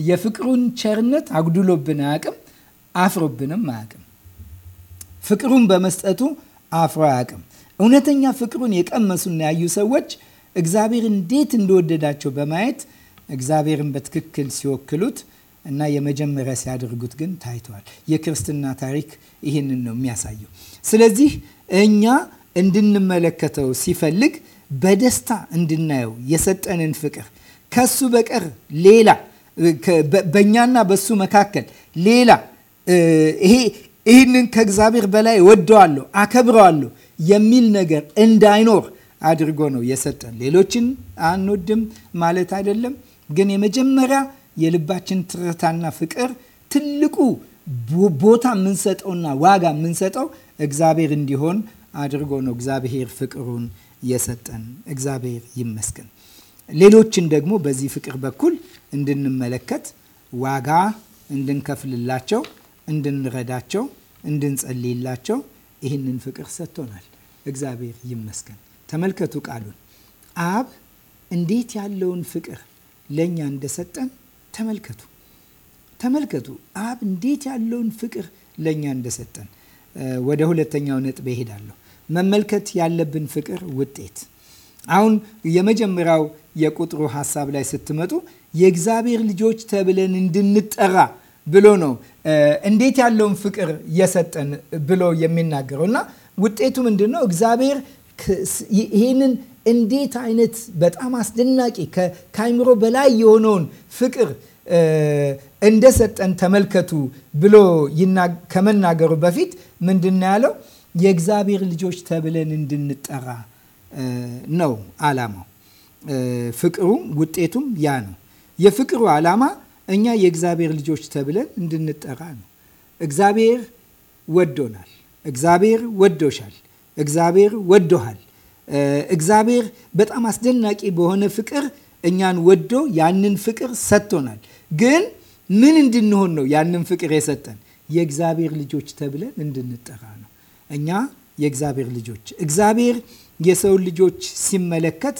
የፍቅሩን ቸርነት አጉድሎብን አያውቅም። አፍሮብንም አያውቅም። ፍቅሩን በመስጠቱ አፍሮ አያውቅም። እውነተኛ ፍቅሩን የቀመሱና ያዩ ሰዎች እግዚአብሔር እንዴት እንደወደዳቸው በማየት እግዚአብሔርን በትክክል ሲወክሉት እና የመጀመሪያ ሲያደርጉት ግን ታይተዋል። የክርስትና ታሪክ ይህንን ነው የሚያሳየው። ስለዚህ እኛ እንድንመለከተው ሲፈልግ በደስታ እንድናየው የሰጠንን ፍቅር ከሱ በቀር ሌላ በእኛና በሱ መካከል ሌላ ይሄ ይህንን ከእግዚአብሔር በላይ ወደዋለሁ፣ አከብረዋለሁ የሚል ነገር እንዳይኖር አድርጎ ነው የሰጠን። ሌሎችን አንወድም ማለት አይደለም፣ ግን የመጀመሪያ የልባችን ትርታና ፍቅር ትልቁ ቦታ የምንሰጠውና ዋጋ የምንሰጠው እግዚአብሔር እንዲሆን አድርጎ ነው እግዚአብሔር ፍቅሩን የሰጠን። እግዚአብሔር ይመስገን። ሌሎችን ደግሞ በዚህ ፍቅር በኩል እንድንመለከት ዋጋ እንድንከፍልላቸው፣ እንድንረዳቸው፣ እንድንጸልይላቸው ይህንን ፍቅር ሰጥቶናል። እግዚአብሔር ይመስገን። ተመልከቱ ቃሉን አብ እንዴት ያለውን ፍቅር ለእኛ እንደሰጠን ተመልከቱ ተመልከቱ አብ እንዴት ያለውን ፍቅር ለእኛ እንደሰጠን። ወደ ሁለተኛው ነጥብ እሄዳለሁ። መመልከት ያለብን ፍቅር ውጤት። አሁን የመጀመሪያው የቁጥሩ ሀሳብ ላይ ስትመጡ የእግዚአብሔር ልጆች ተብለን እንድንጠራ ብሎ ነው እንዴት ያለውን ፍቅር የሰጠን ብሎ የሚናገረው እና ውጤቱ ምንድን ነው? እግዚአብሔር ይህንን እንዴት አይነት በጣም አስደናቂ ከአይምሮ በላይ የሆነውን ፍቅር እንደሰጠን ተመልከቱ ብሎ ከመናገሩ በፊት ምንድን ያለው የእግዚአብሔር ልጆች ተብለን እንድንጠራ ነው አላማው ፍቅሩም ውጤቱም ያ ነው። የፍቅሩ አላማ እኛ የእግዚአብሔር ልጆች ተብለን እንድንጠራ ነው። እግዚአብሔር ወዶናል። እግዚአብሔር ወዶሻል። እግዚአብሔር ወዶሃል። እግዚአብሔር በጣም አስደናቂ በሆነ ፍቅር እኛን ወዶ ያንን ፍቅር ሰጥቶናል። ግን ምን እንድንሆን ነው ያንን ፍቅር የሰጠን? የእግዚአብሔር ልጆች ተብለን እንድንጠራ ነው። እኛ የእግዚአብሔር ልጆች። እግዚአብሔር የሰው ልጆች ሲመለከት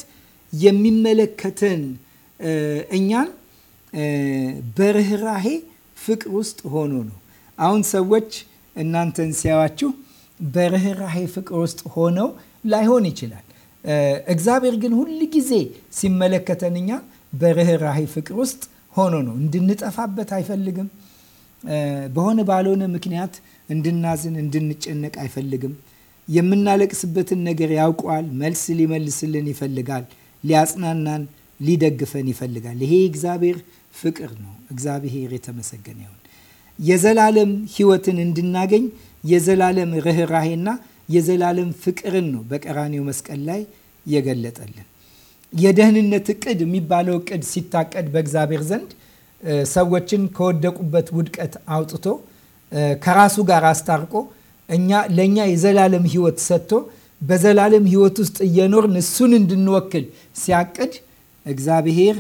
የሚመለከተን እኛን በርኅራሄ ፍቅር ውስጥ ሆኖ ነው። አሁን ሰዎች እናንተን ሲያዋችሁ በርኅራሄ ፍቅር ውስጥ ሆነው ላይሆን ይችላል። እግዚአብሔር ግን ሁል ጊዜ ሲመለከተን እኛ በርኅራሄ ፍቅር ውስጥ ሆኖ ነው። እንድንጠፋበት አይፈልግም። በሆነ ባልሆነ ምክንያት እንድናዝን፣ እንድንጨነቅ አይፈልግም። የምናለቅስበትን ነገር ያውቀዋል። መልስ ሊመልስልን ይፈልጋል። ሊያጽናናን፣ ሊደግፈን ይፈልጋል። ይሄ እግዚአብሔር ፍቅር ነው። እግዚአብሔር የተመሰገነ ይሁን። የዘላለም ሕይወትን እንድናገኝ የዘላለም ርኅራሄና የዘላለም ፍቅርን ነው በቀራኔው መስቀል ላይ የገለጠልን። የደህንነት እቅድ የሚባለው እቅድ ሲታቀድ በእግዚአብሔር ዘንድ ሰዎችን ከወደቁበት ውድቀት አውጥቶ ከራሱ ጋር አስታርቆ እኛ ለእኛ የዘላለም ህይወት ሰጥቶ በዘላለም ህይወት ውስጥ እየኖርን እሱን እንድንወክል ሲያቅድ እግዚአብሔር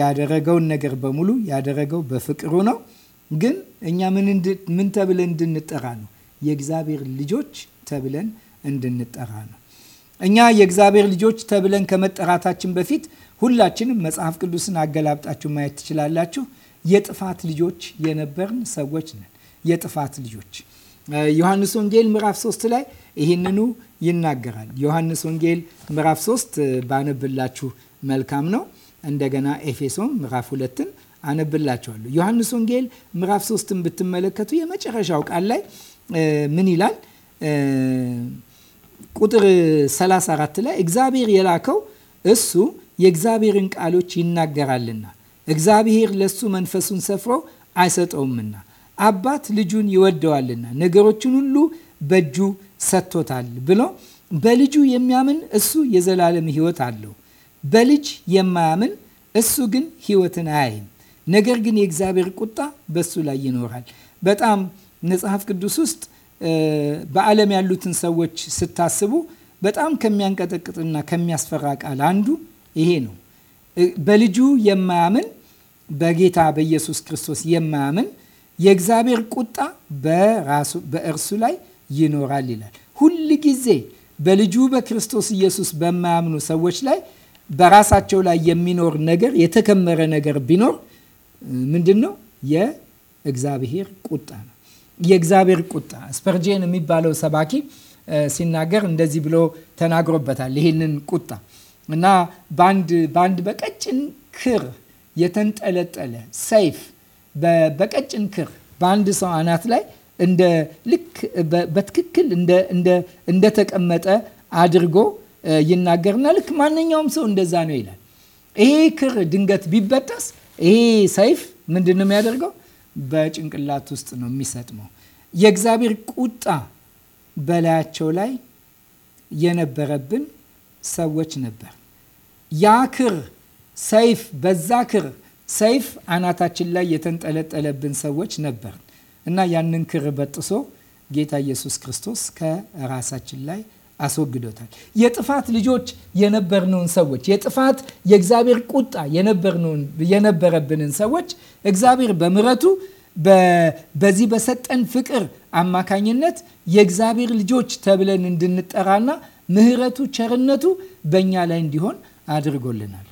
ያደረገውን ነገር በሙሉ ያደረገው በፍቅሩ ነው። ግን እኛ ምን ተብለን እንድንጠራ ነው? የእግዚአብሔር ልጆች ተብለን እንድንጠራ ነው። እኛ የእግዚአብሔር ልጆች ተብለን ከመጠራታችን በፊት ሁላችንም መጽሐፍ ቅዱስን አገላብጣችሁ ማየት ትችላላችሁ። የጥፋት ልጆች የነበርን ሰዎች ነን። የጥፋት ልጆች ዮሐንስ ወንጌል ምዕራፍ 3 ላይ ይህንኑ ይናገራል። ዮሐንስ ወንጌል ምዕራፍ 3 ባነብላችሁ መልካም ነው። እንደገና ኤፌሶን ምዕራፍ 2ን አነብላችኋለሁ። ዮሐንስ ወንጌል ምዕራፍ 3ን ብትመለከቱ የመጨረሻው ቃል ላይ ምን ይላል? ቁጥር 34 ላይ እግዚአብሔር የላከው እሱ የእግዚአብሔርን ቃሎች ይናገራልና እግዚአብሔር ለሱ መንፈሱን ሰፍሮ አይሰጠውምና አባት ልጁን ይወደዋልና ነገሮችን ሁሉ በእጁ ሰጥቶታል ብሎ በልጁ የሚያምን እሱ የዘላለም ሕይወት አለው። በልጅ የማያምን እሱ ግን ሕይወትን አያይም። ነገር ግን የእግዚአብሔር ቁጣ በሱ ላይ ይኖራል። በጣም መጽሐፍ ቅዱስ ውስጥ በዓለም ያሉትን ሰዎች ስታስቡ በጣም ከሚያንቀጠቅጥና ከሚያስፈራ ቃል አንዱ ይሄ ነው። በልጁ የማያምን በጌታ በኢየሱስ ክርስቶስ የማያምን የእግዚአብሔር ቁጣ በእርሱ ላይ ይኖራል ይላል። ሁል ጊዜ በልጁ በክርስቶስ ኢየሱስ በማያምኑ ሰዎች ላይ በራሳቸው ላይ የሚኖር ነገር የተከመረ ነገር ቢኖር ምንድን ነው? የእግዚአብሔር ቁጣ ነው። የእግዚአብሔር ቁጣ ስፐርጄን የሚባለው ሰባኪ ሲናገር እንደዚህ ብሎ ተናግሮበታል። ይህንን ቁጣ እና በአንድ በቀጭን ክር የተንጠለጠለ ሰይፍ በቀጭን ክር በአንድ ሰው አናት ላይ እንደ ልክ በትክክል እንደተቀመጠ አድርጎ ይናገርና ልክ ማንኛውም ሰው እንደዛ ነው ይላል። ይሄ ክር ድንገት ቢበጠስ ይሄ ሰይፍ ምንድን ነው የሚያደርገው? በጭንቅላት ውስጥ ነው የሚሰጥመው። የእግዚአብሔር ቁጣ በላያቸው ላይ የነበረብን ሰዎች ነበር። ያ ክር ሰይፍ፣ በዛ ክር ሰይፍ አናታችን ላይ የተንጠለጠለብን ሰዎች ነበር እና ያንን ክር በጥሶ ጌታ ኢየሱስ ክርስቶስ ከራሳችን ላይ አስወግዶታል። የጥፋት ልጆች የነበርነውን ሰዎች የጥፋት የእግዚአብሔር ቁጣ የነበረብንን ሰዎች እግዚአብሔር በምረቱ በዚህ በሰጠን ፍቅር አማካኝነት የእግዚአብሔር ልጆች ተብለን እንድንጠራና ምሕረቱ ቸርነቱ በእኛ ላይ እንዲሆን አድርጎልናል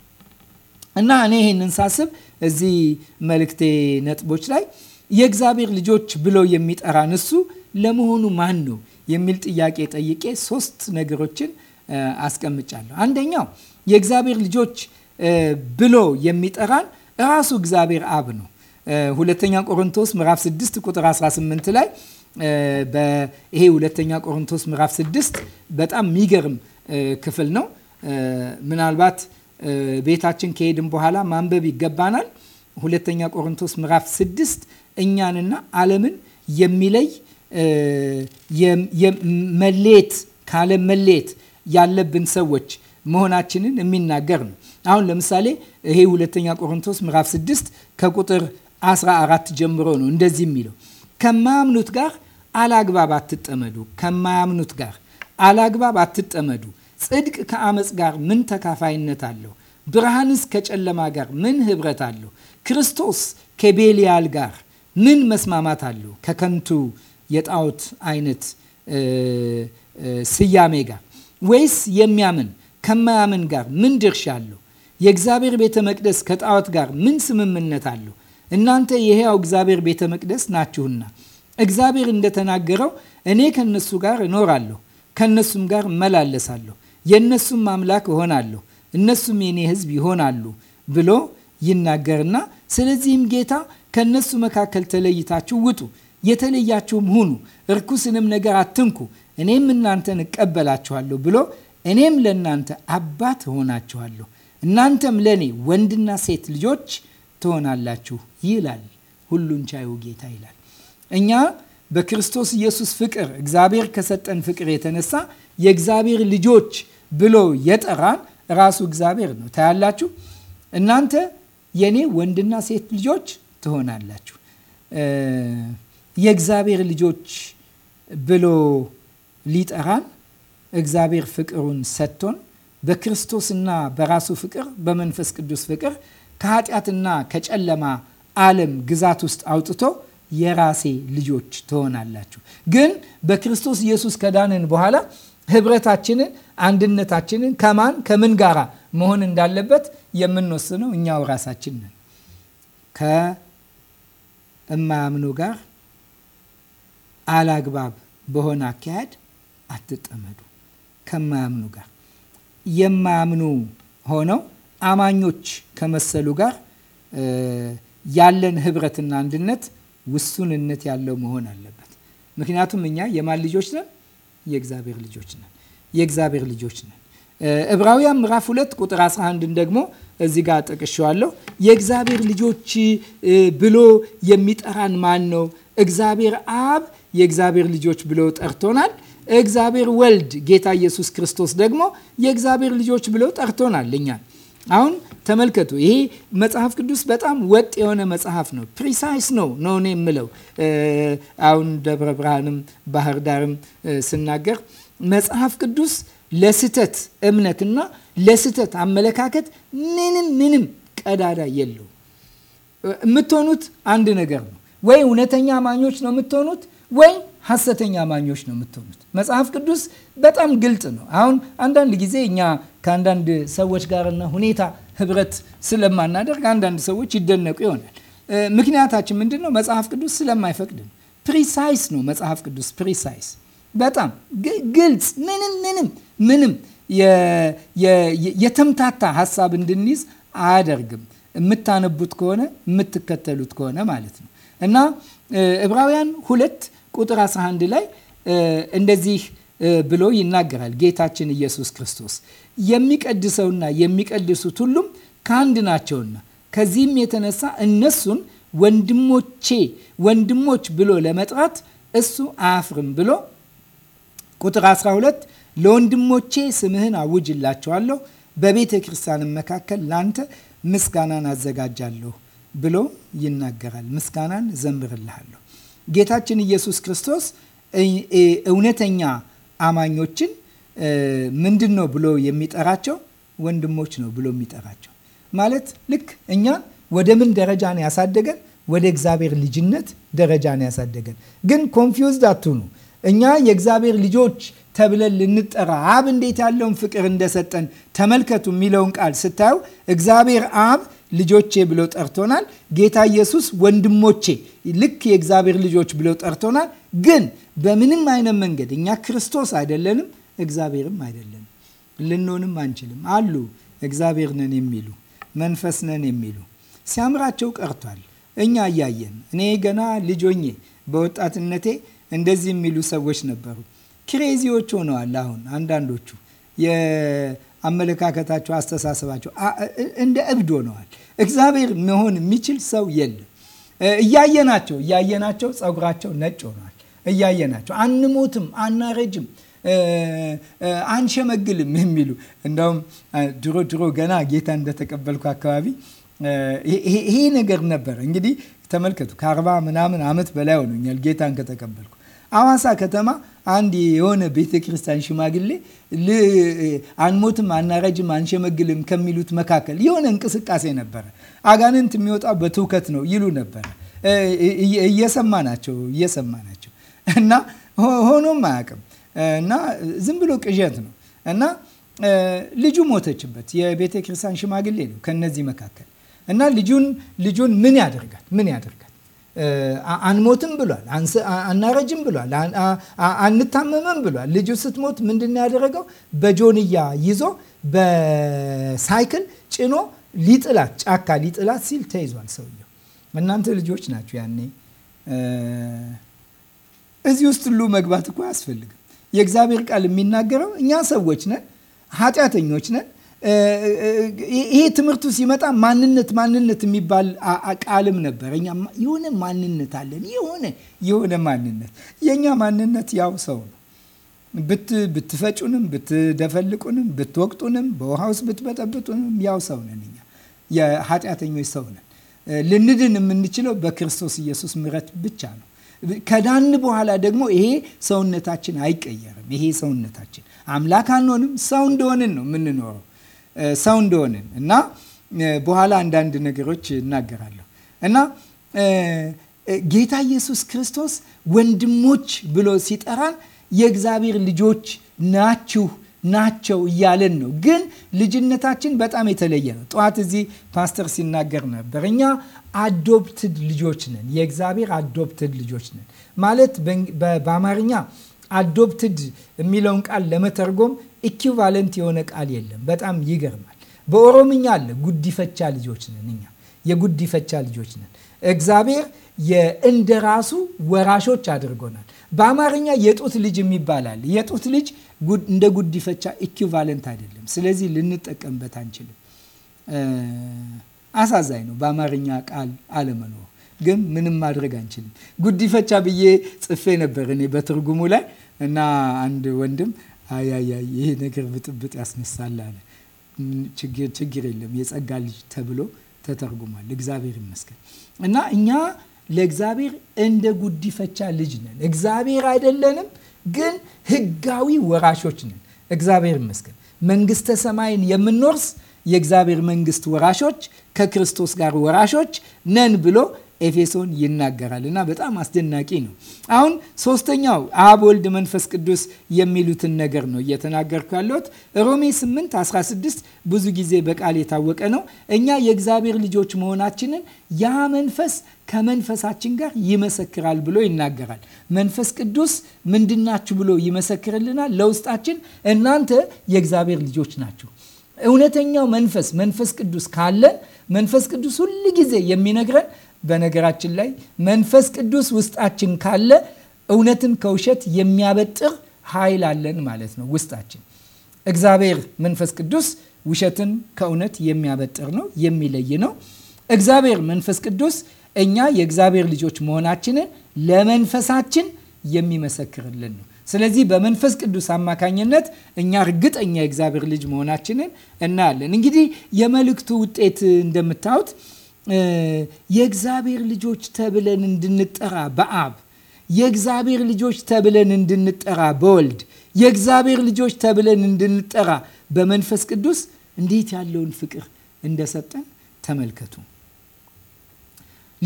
እና እኔ ይህንን ሳስብ እዚህ መልእክቴ ነጥቦች ላይ የእግዚአብሔር ልጆች ብሎ የሚጠራን እሱ ለመሆኑ ማን ነው የሚል ጥያቄ ጠይቄ ሶስት ነገሮችን አስቀምጫለሁ። አንደኛው የእግዚአብሔር ልጆች ብሎ የሚጠራን ራሱ እግዚአብሔር አብ ነው። ሁለተኛ ቆሮንቶስ ምዕራፍ 6 ቁጥር 18 ላይ ይሄ ሁለተኛ ቆሮንቶስ ምዕራፍ 6 በጣም የሚገርም ክፍል ነው። ምናልባት ቤታችን ከሄድን በኋላ ማንበብ ይገባናል። ሁለተኛ ቆሮንቶስ ምዕራፍ 6 እኛንና ዓለምን የሚለይ መሌት ካለ መሌት ያለብን ሰዎች መሆናችንን የሚናገር ነው። አሁን ለምሳሌ ይሄ ሁለተኛ ቆሮንቶስ ምዕራፍ 6 ከቁጥር 14 ጀምሮ ነው እንደዚህ የሚለው ከማያምኑት ጋር አላግባብ አትጠመዱ። ከማያምኑት ጋር አላግባብ አትጠመዱ። ጽድቅ ከአመፅ ጋር ምን ተካፋይነት አለው? ብርሃንስ ከጨለማ ጋር ምን ህብረት አለው? ክርስቶስ ከቤልያል ጋር ምን መስማማት አለው? ከከንቱ የጣዖት አይነት ስያሜ ጋር ወይስ የሚያምን ከማያምን ጋር ምን ድርሻ አለው? የእግዚአብሔር ቤተ መቅደስ ከጣዖት ጋር ምን ስምምነት አለው? እናንተ የሕያው እግዚአብሔር ቤተ መቅደስ ናችሁና እግዚአብሔር እንደተናገረው እኔ ከነሱ ጋር እኖራለሁ፣ ከነሱም ጋር እመላለሳለሁ፣ የእነሱም አምላክ እሆናለሁ፣ እነሱም የኔ ሕዝብ ይሆናሉ ብሎ ይናገርና ስለዚህም ጌታ ከእነሱ መካከል ተለይታችሁ ውጡ የተለያችሁም ሁኑ፣ እርኩስንም ነገር አትንኩ፣ እኔም እናንተን እቀበላችኋለሁ ብሎ እኔም ለእናንተ አባት እሆናችኋለሁ፣ እናንተም ለእኔ ወንድና ሴት ልጆች ትሆናላችሁ ይላል ሁሉን ቻዩ ጌታ ይላል። እኛ በክርስቶስ ኢየሱስ ፍቅር እግዚአብሔር ከሰጠን ፍቅር የተነሳ የእግዚአብሔር ልጆች ብሎ የጠራን ራሱ እግዚአብሔር ነው። ታያላችሁ እናንተ የእኔ ወንድና ሴት ልጆች ትሆናላችሁ። የእግዚአብሔር ልጆች ብሎ ሊጠራን እግዚአብሔር ፍቅሩን ሰጥቶን በክርስቶስና በራሱ ፍቅር በመንፈስ ቅዱስ ፍቅር ከኃጢአትና ከጨለማ ዓለም ግዛት ውስጥ አውጥቶ የራሴ ልጆች ትሆናላችሁ። ግን በክርስቶስ ኢየሱስ ከዳንን በኋላ ህብረታችንን፣ አንድነታችንን ከማን ከምን ጋራ መሆን እንዳለበት የምንወስነው እኛው ራሳችን ነን። ከእማያምኑ ጋር አላግባብ በሆነ አካሄድ አትጠመዱ። ከማያምኑ ጋር የማያምኑ ሆነው አማኞች ከመሰሉ ጋር ያለን ህብረትና አንድነት ውሱንነት ያለው መሆን አለበት። ምክንያቱም እኛ የማን ልጆች ነን? የእግዚአብሔር ልጆች ነን። የእግዚአብሔር ልጆች ነን። ዕብራውያን ምዕራፍ 2 ቁጥር 11ን ደግሞ እዚህ ጋር ጠቅሼዋለሁ። የእግዚአብሔር ልጆች ብሎ የሚጠራን ማን ነው? እግዚአብሔር አብ የእግዚአብሔር ልጆች ብሎ ጠርቶናል። እግዚአብሔር ወልድ ጌታ ኢየሱስ ክርስቶስ ደግሞ የእግዚአብሔር ልጆች ብሎ ጠርቶናል እኛን። አሁን ተመልከቱ። ይሄ መጽሐፍ ቅዱስ በጣም ወጥ የሆነ መጽሐፍ ነው። ፕሪሳይስ ነው ነው እኔ የምለው አሁን ደብረ ብርሃንም ባህር ዳርም ስናገር መጽሐፍ ቅዱስ ለስህተት እምነትና ለስህተት አመለካከት ምንም ምንም ቀዳዳ የለው። የምትሆኑት አንድ ነገር ነው። ወይ እውነተኛ አማኞች ነው የምትሆኑት ወይ ሐሰተኛ አማኞች ነው የምትሆኑት። መጽሐፍ ቅዱስ በጣም ግልጥ ነው። አሁን አንዳንድ ጊዜ እኛ ከአንዳንድ ሰዎች ጋርና ሁኔታ ህብረት ስለማናደርግ አንዳንድ ሰዎች ይደነቁ ይሆናል። ምክንያታችን ምንድን ነው? መጽሐፍ ቅዱስ ስለማይፈቅድ ነው። ፕሪሳይስ ነው መጽሐፍ ቅዱስ ፕሪሳይስ፣ በጣም ግልጽ፣ ምንም ምንም ምንም የተምታታ ሀሳብ እንድንይዝ አያደርግም። የምታነቡት ከሆነ የምትከተሉት ከሆነ ማለት ነው እና ዕብራውያን ሁለት ቁጥር 11 ላይ እንደዚህ ብሎ ይናገራል። ጌታችን ኢየሱስ ክርስቶስ የሚቀድሰውና የሚቀድሱት ሁሉም ከአንድ ናቸውና ከዚህም የተነሳ እነሱን ወንድሞቼ ወንድሞች ብሎ ለመጥራት እሱ አያፍርም ብሎ ቁጥር 12 ለወንድሞቼ ስምህን አውጅላቸዋለሁ በቤተ ክርስቲያንም መካከል ለአንተ ምስጋናን አዘጋጃለሁ ብሎ ይናገራል። ምስጋናን ዘምርልሃለሁ ጌታችን ኢየሱስ ክርስቶስ እውነተኛ አማኞችን ምንድን ነው ብሎ የሚጠራቸው? ወንድሞች ነው ብሎ የሚጠራቸው። ማለት ልክ እኛን ወደ ምን ደረጃ ነው ያሳደገን? ወደ እግዚአብሔር ልጅነት ደረጃ ነው ያሳደገን። ግን ኮንፊውዝድ አትሁኑ። እኛ የእግዚአብሔር ልጆች ተብለን ልንጠራ አብ እንዴት ያለውን ፍቅር እንደሰጠን ተመልከቱ የሚለውን ቃል ስታዩ እግዚአብሔር አብ ልጆቼ ብሎ ጠርቶናል። ጌታ ኢየሱስ ወንድሞቼ፣ ልክ የእግዚአብሔር ልጆች ብሎ ጠርቶናል። ግን በምንም አይነት መንገድ እኛ ክርስቶስ አይደለንም፣ እግዚአብሔርም አይደለንም፣ ልንሆንም አንችልም። አሉ እግዚአብሔር ነን የሚሉ መንፈስ ነን የሚሉ ሲያምራቸው ቀርቷል። እኛ እያየን እኔ ገና ልጆኜ በወጣትነቴ እንደዚህ የሚሉ ሰዎች ነበሩ። ክሬዚዎች ሆነዋል። አሁን አንዳንዶቹ የአመለካከታቸው፣ አስተሳሰባቸው እንደ እብድ ሆነዋል። እግዚአብሔር መሆን የሚችል ሰው የለም። እያየናቸው እያየናቸው ጸጉራቸው ነጭ ሆኗል። እያየናቸው አንሞትም፣ አናረጅም፣ አንሸመግልም የሚሉ እንዳውም ድሮ ድሮ ገና ጌታ እንደተቀበልኩ አካባቢ ይሄ ነገር ነበረ። እንግዲህ ተመልከቱ ከአርባ ምናምን ዓመት በላይ ሆኖኛል ጌታን ከተቀበልኩ አዋሳ ከተማ አንድ የሆነ ቤተ ክርስቲያን ሽማግሌ አንሞትም፣ አናረጅም፣ አንሸመግልም ከሚሉት መካከል የሆነ እንቅስቃሴ ነበረ። አጋንንት የሚወጣው በትውከት ነው ይሉ ነበረ። እየሰማ ናቸው እየሰማ ናቸው እና ሆኖም አያውቅም እና ዝም ብሎ ቅዠት ነው እና ልጁ ሞተችበት። የቤተ ክርስቲያን ሽማግሌ ነው ከነዚህ መካከል እና ልጁን ልጁን ምን ያደርጋል ምን ያደርጋል አንሞትም ብሏል፣ አናረጅም ብሏል፣ አንታመምም ብሏል። ልጁ ስትሞት ምንድን ነው ያደረገው? በጆንያ ይዞ በሳይክል ጭኖ ሊጥላት ጫካ ሊጥላት ሲል ተይዟል ሰውየው። እናንተ ልጆች ናችሁ ያኔ። እዚህ ውስጥ ሁሉ መግባት እኮ አያስፈልግም። የእግዚአብሔር ቃል የሚናገረው እኛ ሰዎች ነን፣ ኃጢአተኞች ነን ይሄ ትምህርቱ ሲመጣ ማንነት ማንነት የሚባል ቃልም ነበር። እኛ የሆነ ማንነት አለን። የሆነ የሆነ ማንነት የእኛ ማንነት ያው ሰው ነው። ብትፈጩንም፣ ብትደፈልቁንም፣ ብትወቅጡንም፣ በውሃ ውስጥ ብትበጠብጡንም ያው ሰው ነን። እኛ የኃጢአተኞች ሰው ነን። ልንድን የምንችለው በክርስቶስ ኢየሱስ ምረት ብቻ ነው። ከዳን በኋላ ደግሞ ይሄ ሰውነታችን አይቀየርም። ይሄ ሰውነታችን አምላክ አንሆንም። ሰው እንደሆንን ነው የምንኖረው ሰው እንደሆንን እና በኋላ አንዳንድ ነገሮች እናገራለሁ እና ጌታ ኢየሱስ ክርስቶስ ወንድሞች ብሎ ሲጠራን የእግዚአብሔር ልጆች ናችሁ ናቸው እያለን ነው። ግን ልጅነታችን በጣም የተለየ ነው። ጠዋት እዚህ ፓስተር ሲናገር ነበር። እኛ አዶፕትድ ልጆች ነን። የእግዚአብሔር አዶፕትድ ልጆች ነን ማለት በአማርኛ አዶፕትድ የሚለውን ቃል ለመተርጎም ኢኪቫለንት የሆነ ቃል የለም። በጣም ይገርማል። በኦሮምኛ አለ። ጉዲፈቻ ልጆች ነን እኛ፣ የጉዲፈቻ ልጆች ነን። እግዚአብሔር እንደ ራሱ ወራሾች አድርጎናል። በአማርኛ የጡት ልጅ የሚባል አለ። የጡት ልጅ እንደ ጉዲፈቻ ኢኪቫለንት አይደለም። ስለዚህ ልንጠቀምበት አንችልም። አሳዛኝ ነው በአማርኛ ቃል አለመኖር፣ ግን ምንም ማድረግ አንችልም። ጉዲፈቻ ብዬ ጽፌ ነበር እኔ በትርጉሙ ላይ እና አንድ ወንድም አያያይ ይሄ ነገር ብጥብጥ ያስነሳል አለ። ችግር የለም የጸጋ ልጅ ተብሎ ተተርጉሟል። እግዚአብሔር ይመስገን እና እኛ ለእግዚአብሔር እንደ ጉዲፈቻ ልጅ ነን። እግዚአብሔር አይደለንም፣ ግን ህጋዊ ወራሾች ነን። እግዚአብሔር ይመስገን መንግስተ ሰማይን የምንወርስ የእግዚአብሔር መንግስት ወራሾች ከክርስቶስ ጋር ወራሾች ነን ብሎ ኤፌሶን ይናገራል እና በጣም አስደናቂ ነው። አሁን ሶስተኛው አብ፣ ወልድ፣ መንፈስ ቅዱስ የሚሉትን ነገር ነው እየተናገርኩ ያለሁት። ሮሜ 8 16 ብዙ ጊዜ በቃል የታወቀ ነው። እኛ የእግዚአብሔር ልጆች መሆናችንን ያ መንፈስ ከመንፈሳችን ጋር ይመሰክራል ብሎ ይናገራል። መንፈስ ቅዱስ ምንድናችሁ ብሎ ይመሰክርልናል ለውስጣችን፣ እናንተ የእግዚአብሔር ልጆች ናችሁ። እውነተኛው መንፈስ መንፈስ ቅዱስ ካለን መንፈስ ቅዱስ ሁል ጊዜ የሚነግረን በነገራችን ላይ መንፈስ ቅዱስ ውስጣችን ካለ እውነትን ከውሸት የሚያበጥር ኃይል አለን ማለት ነው። ውስጣችን እግዚአብሔር መንፈስ ቅዱስ ውሸትን ከእውነት የሚያበጥር ነው፣ የሚለይ ነው። እግዚአብሔር መንፈስ ቅዱስ እኛ የእግዚአብሔር ልጆች መሆናችንን ለመንፈሳችን የሚመሰክርልን ነው። ስለዚህ በመንፈስ ቅዱስ አማካኝነት እኛ እርግጠኛ የእግዚአብሔር ልጅ መሆናችንን እናያለን። እንግዲህ የመልእክቱ ውጤት እንደምታዩት የእግዚአብሔር ልጆች ተብለን እንድንጠራ በአብ የእግዚአብሔር ልጆች ተብለን እንድንጠራ በወልድ የእግዚአብሔር ልጆች ተብለን እንድንጠራ በመንፈስ ቅዱስ እንዴት ያለውን ፍቅር እንደሰጠን ተመልከቱ።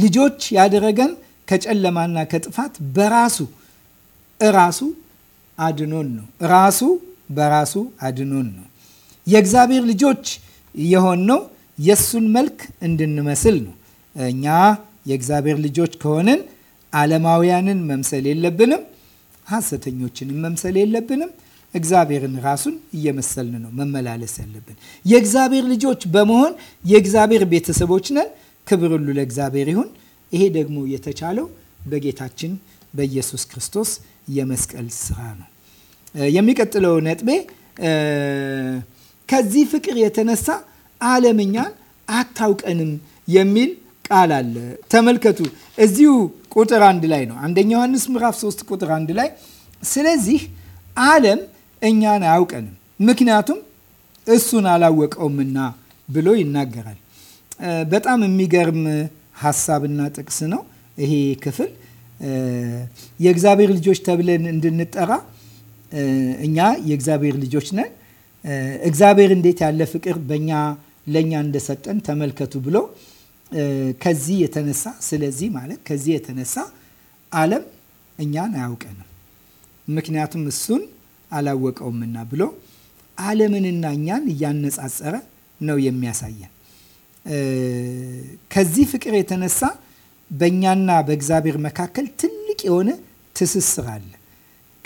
ልጆች ያደረገን ከጨለማና ከጥፋት በራሱ እራሱ አድኖን ነው። ራሱ በራሱ አድኖን ነው። የእግዚአብሔር ልጆች የሆን ነው የእሱን መልክ እንድንመስል ነው። እኛ የእግዚአብሔር ልጆች ከሆንን ዓለማውያንን መምሰል የለብንም፣ ሐሰተኞችንም መምሰል የለብንም። እግዚአብሔርን ራሱን እየመሰልን ነው መመላለስ ያለብን። የእግዚአብሔር ልጆች በመሆን የእግዚአብሔር ቤተሰቦች ነን። ክብር ሁሉ ለእግዚአብሔር ይሁን። ይሄ ደግሞ የተቻለው በጌታችን በኢየሱስ ክርስቶስ የመስቀል ስራ ነው። የሚቀጥለው ነጥቤ ከዚህ ፍቅር የተነሳ ዓለም እኛን አታውቀንም የሚል ቃል አለ። ተመልከቱ እዚሁ ቁጥር አንድ ላይ ነው። አንደኛ ዮሐንስ ምዕራፍ 3 ቁጥር አንድ ላይ ስለዚህ ዓለም እኛን አያውቀንም ምክንያቱም እሱን አላወቀውምና ብሎ ይናገራል። በጣም የሚገርም ሀሳብና ጥቅስ ነው ይሄ ክፍል። የእግዚአብሔር ልጆች ተብለን እንድንጠራ እኛ የእግዚአብሔር ልጆች ነን። እግዚአብሔር እንዴት ያለ ፍቅር በእኛ ለእኛ እንደሰጠን ተመልከቱ ብሎ ከዚህ የተነሳ ስለዚህ ማለት ከዚህ የተነሳ ዓለም እኛን አያውቀንም፣ ምክንያቱም እሱን አላወቀውምና ብሎ ዓለምንና እኛን እያነጻጸረ ነው የሚያሳየን። ከዚህ ፍቅር የተነሳ በእኛና በእግዚአብሔር መካከል ትልቅ የሆነ ትስስር አለ።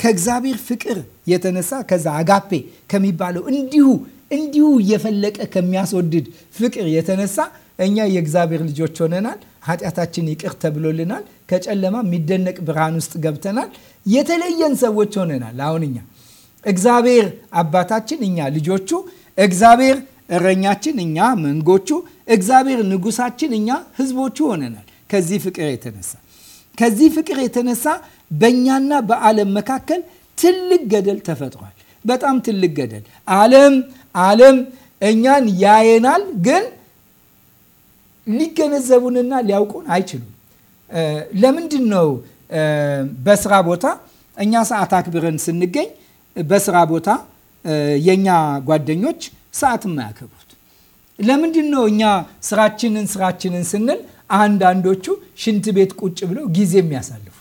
ከእግዚአብሔር ፍቅር የተነሳ ከዛ አጋፔ ከሚባለው እንዲሁ እንዲሁ እየፈለቀ ከሚያስወድድ ፍቅር የተነሳ እኛ የእግዚአብሔር ልጆች ሆነናል። ኃጢአታችን ይቅር ተብሎልናል። ከጨለማ የሚደነቅ ብርሃን ውስጥ ገብተናል። የተለየን ሰዎች ሆነናል። አሁን እኛ እግዚአብሔር አባታችን፣ እኛ ልጆቹ፣ እግዚአብሔር እረኛችን፣ እኛ መንጎቹ፣ እግዚአብሔር ንጉሳችን፣ እኛ ህዝቦቹ ሆነናል። ከዚህ ፍቅር የተነሳ ከዚህ ፍቅር የተነሳ በእኛና በዓለም መካከል ትልቅ ገደል ተፈጥሯል። በጣም ትልቅ ገደል ዓለም ዓለም እኛን ያየናል፣ ግን ሊገነዘቡንና ሊያውቁን አይችሉም። ለምንድን ነው በስራ ቦታ እኛ ሰዓት አክብረን ስንገኝ በስራ ቦታ የእኛ ጓደኞች ሰዓት የማያከብሩት? ለምንድን ነው እኛ ስራችንን ስራችንን ስንል አንዳንዶቹ ሽንት ቤት ቁጭ ብለው ጊዜ የሚያሳልፉት?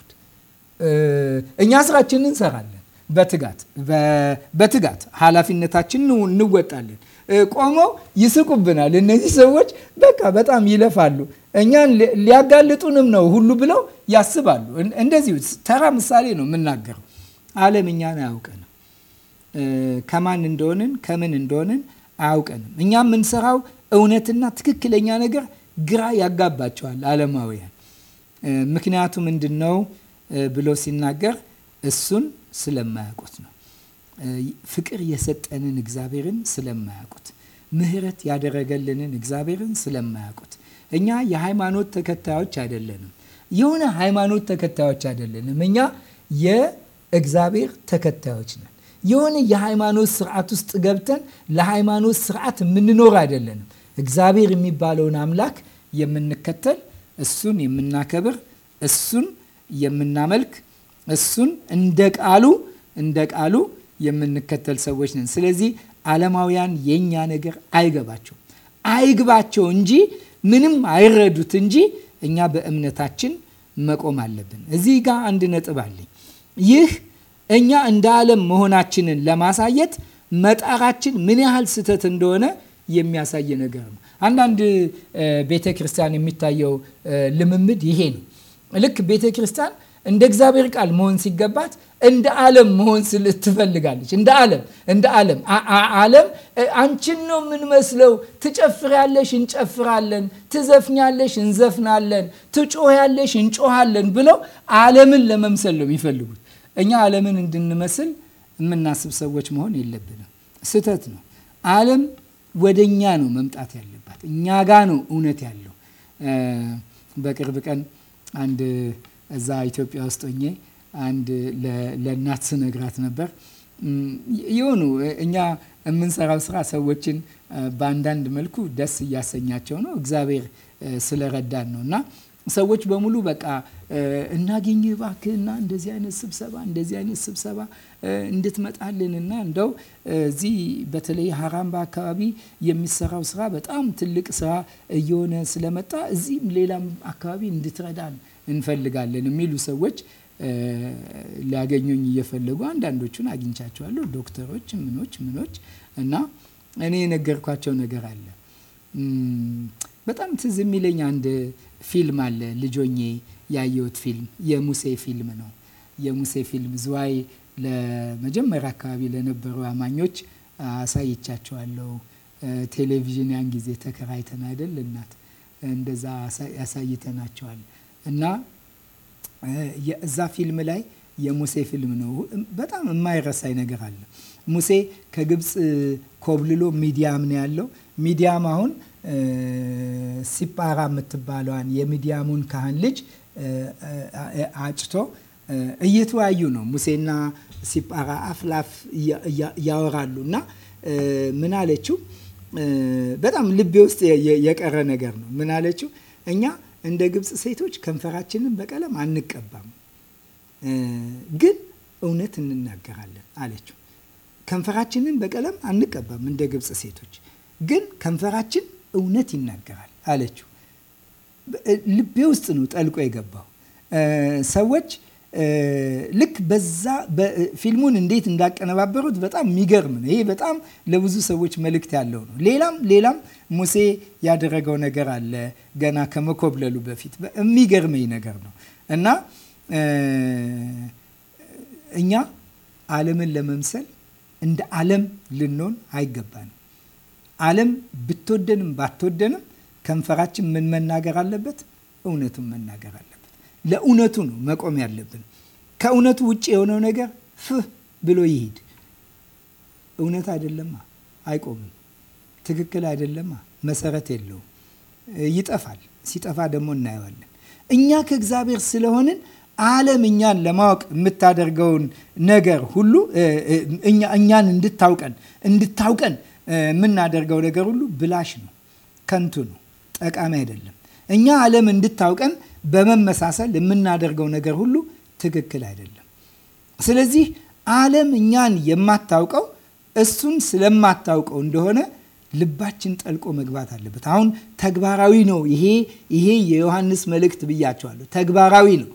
እኛ ስራችንን እንሰራለን በትጋት በትጋት ኃላፊነታችን እንወጣለን። ቆመው ይስቁብናል። እነዚህ ሰዎች በቃ በጣም ይለፋሉ፣ እኛን ሊያጋልጡንም ነው ሁሉ ብለው ያስባሉ። እንደዚሁ ተራ ምሳሌ ነው የምናገረው። ዓለም እኛን አያውቀንም። ከማን እንደሆንን ከምን እንደሆንን አያውቀንም። እኛ የምንሰራው እውነትና ትክክለኛ ነገር ግራ ያጋባቸዋል ዓለማውያን። ምክንያቱ ምንድን ነው ብሎ ሲናገር እሱን ስለማያውቁት ነው። ፍቅር የሰጠንን እግዚአብሔርን ስለማያውቁት፣ ምሕረት ያደረገልንን እግዚአብሔርን ስለማያውቁት እኛ የሃይማኖት ተከታዮች አይደለንም። የሆነ ሃይማኖት ተከታዮች አይደለንም። እኛ የእግዚአብሔር ተከታዮች ነን። የሆነ የሃይማኖት ስርዓት ውስጥ ገብተን ለሃይማኖት ስርዓት የምንኖር አይደለንም። እግዚአብሔር የሚባለውን አምላክ የምንከተል እሱን የምናከብር እሱን የምናመልክ እሱን እንደ ቃሉ እንደ ቃሉ የምንከተል ሰዎች ነን። ስለዚህ ዓለማውያን የእኛ ነገር አይገባቸው አይግባቸው እንጂ ምንም አይረዱት እንጂ እኛ በእምነታችን መቆም አለብን። እዚህ ጋር አንድ ነጥብ አለኝ። ይህ እኛ እንደ ዓለም መሆናችንን ለማሳየት መጣራችን ምን ያህል ስህተት እንደሆነ የሚያሳይ ነገር ነው። አንዳንድ ቤተ ክርስቲያን የሚታየው ልምምድ ይሄ ነው። ልክ ቤተ ክርስቲያን እንደ እግዚአብሔር ቃል መሆን ሲገባት እንደ ዓለም መሆን ስል ትፈልጋለች። እንደ ዓለም እንደ ዓለም ዓለም አንቺን ነው የምንመስለው። ትጨፍሪያለሽ፣ እንጨፍራለን፣ ትዘፍኛለሽ፣ እንዘፍናለን፣ ትጮህያለሽ፣ እንጮሃለን ብለው ዓለምን ለመምሰል ነው የሚፈልጉት። እኛ ዓለምን እንድንመስል የምናስብ ሰዎች መሆን የለብንም። ስህተት ነው። ዓለም ወደ እኛ ነው መምጣት ያለባት። እኛ ጋ ነው እውነት ያለው። በቅርብ ቀን አንድ እዛ ኢትዮጵያ ውስጥ ሆኜ አንድ ለእናት ስነግራት ነበር የሆኑ እኛ የምንሰራው ስራ ሰዎችን በአንዳንድ መልኩ ደስ እያሰኛቸው ነው። እግዚአብሔር ስለረዳን ነው እና ሰዎች በሙሉ በቃ እናገኝ ባክና እንደዚህ አይነት ስብሰባ እንደዚህ አይነት ስብሰባ እና እንደው እዚህ በተለይ ሀራምባ አካባቢ የሚሰራው ስራ በጣም ትልቅ ስራ እየሆነ ስለመጣ እዚህም ሌላም አካባቢ እንድትረዳን እንፈልጋለን የሚሉ ሰዎች ሊያገኙኝ እየፈለጉ አንዳንዶቹን አግኝቻቸዋለሁ። ዶክተሮች፣ ምኖች ምኖች እና እኔ የነገርኳቸው ነገር አለ። በጣም ትዝ የሚለኝ አንድ ፊልም አለ ልጆኜ ያየሁት ፊልም የሙሴ ፊልም ነው። የሙሴ ፊልም ዝዋይ ለመጀመሪያ አካባቢ ለነበሩ አማኞች አሳይቻቸዋለሁ። ቴሌቪዥን ያን ጊዜ ተከራይተን አይደል እናት፣ እንደዛ ያሳይተናቸዋል። እና እዛ ፊልም ላይ የሙሴ ፊልም ነው። በጣም የማይረሳኝ ነገር አለ። ሙሴ ከግብፅ ኮብልሎ ሚዲያም ነው ያለው። ሚዲያም አሁን ሲጳራ የምትባለዋን የሚዲያሙን ካህን ልጅ አጭቶ እየተወያዩ ነው። ሙሴና ሲጳራ አፍላፍ ያወራሉ እና ምን አለችው? በጣም ልቤ ውስጥ የቀረ ነገር ነው። ምን አለችው? እኛ እንደ ግብፅ ሴቶች ከንፈራችንን በቀለም አንቀባም፣ ግን እውነት እንናገራለን አለችው። ከንፈራችንን በቀለም አንቀባም እንደ ግብፅ ሴቶች፣ ግን ከንፈራችን እውነት ይናገራል አለችው። ልቤ ውስጥ ነው ጠልቆ የገባው። ሰዎች ልክ በዛ ፊልሙን እንዴት እንዳቀነባበሩት በጣም የሚገርም ነው። ይሄ በጣም ለብዙ ሰዎች መልእክት ያለው ነው። ሌላም ሌላም ሙሴ ያደረገው ነገር አለ ገና ከመኮብለሉ በፊት የሚገርመኝ ነገር ነው እና እኛ ዓለምን ለመምሰል እንደ ዓለም ልንሆን አይገባንም። ዓለም ብትወደንም ባትወደንም ከንፈራችን ምን መናገር አለበት? እውነቱን መናገር አለበት። ለእውነቱ ነው መቆም ያለብን። ከእውነቱ ውጭ የሆነው ነገር ፍህ ብሎ ይሄድ እውነት አይደለማ፣ አይቆምም። ትክክል አይደለማ። መሰረት የለውም። ይጠፋል። ሲጠፋ ደግሞ እናየዋለን። እኛ ከእግዚአብሔር ስለሆንን ዓለም እኛን ለማወቅ የምታደርገውን ነገር ሁሉ እኛን እንድታውቀን እንድታውቀን የምናደርገው ነገር ሁሉ ብላሽ ነው፣ ከንቱ ነው፣ ጠቃሚ አይደለም። እኛ ዓለም እንድታውቀን በመመሳሰል የምናደርገው ነገር ሁሉ ትክክል አይደለም። ስለዚህ ዓለም እኛን የማታውቀው እሱን ስለማታውቀው እንደሆነ ልባችን ጠልቆ መግባት አለበት። አሁን ተግባራዊ ነው። ይሄ ይሄ የዮሐንስ መልእክት ብያቸዋለሁ። ተግባራዊ ነው።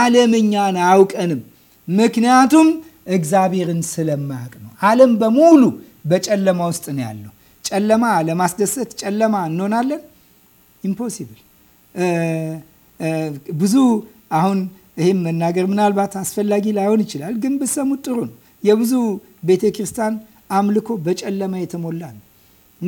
ዓለም እኛን አያውቀንም፣ ምክንያቱም እግዚአብሔርን ስለማያውቅ ነው። ዓለም በሙሉ በጨለማ ውስጥ ነው ያለው። ጨለማ ለማስደሰት ጨለማ እንሆናለን። ኢምፖሲብል። ብዙ አሁን ይህም መናገር ምናልባት አስፈላጊ ላይሆን ይችላል፣ ግን ብሰሙት ጥሩ ነው። የብዙ ቤተ ክርስቲያን አምልኮ በጨለማ የተሞላ ነው።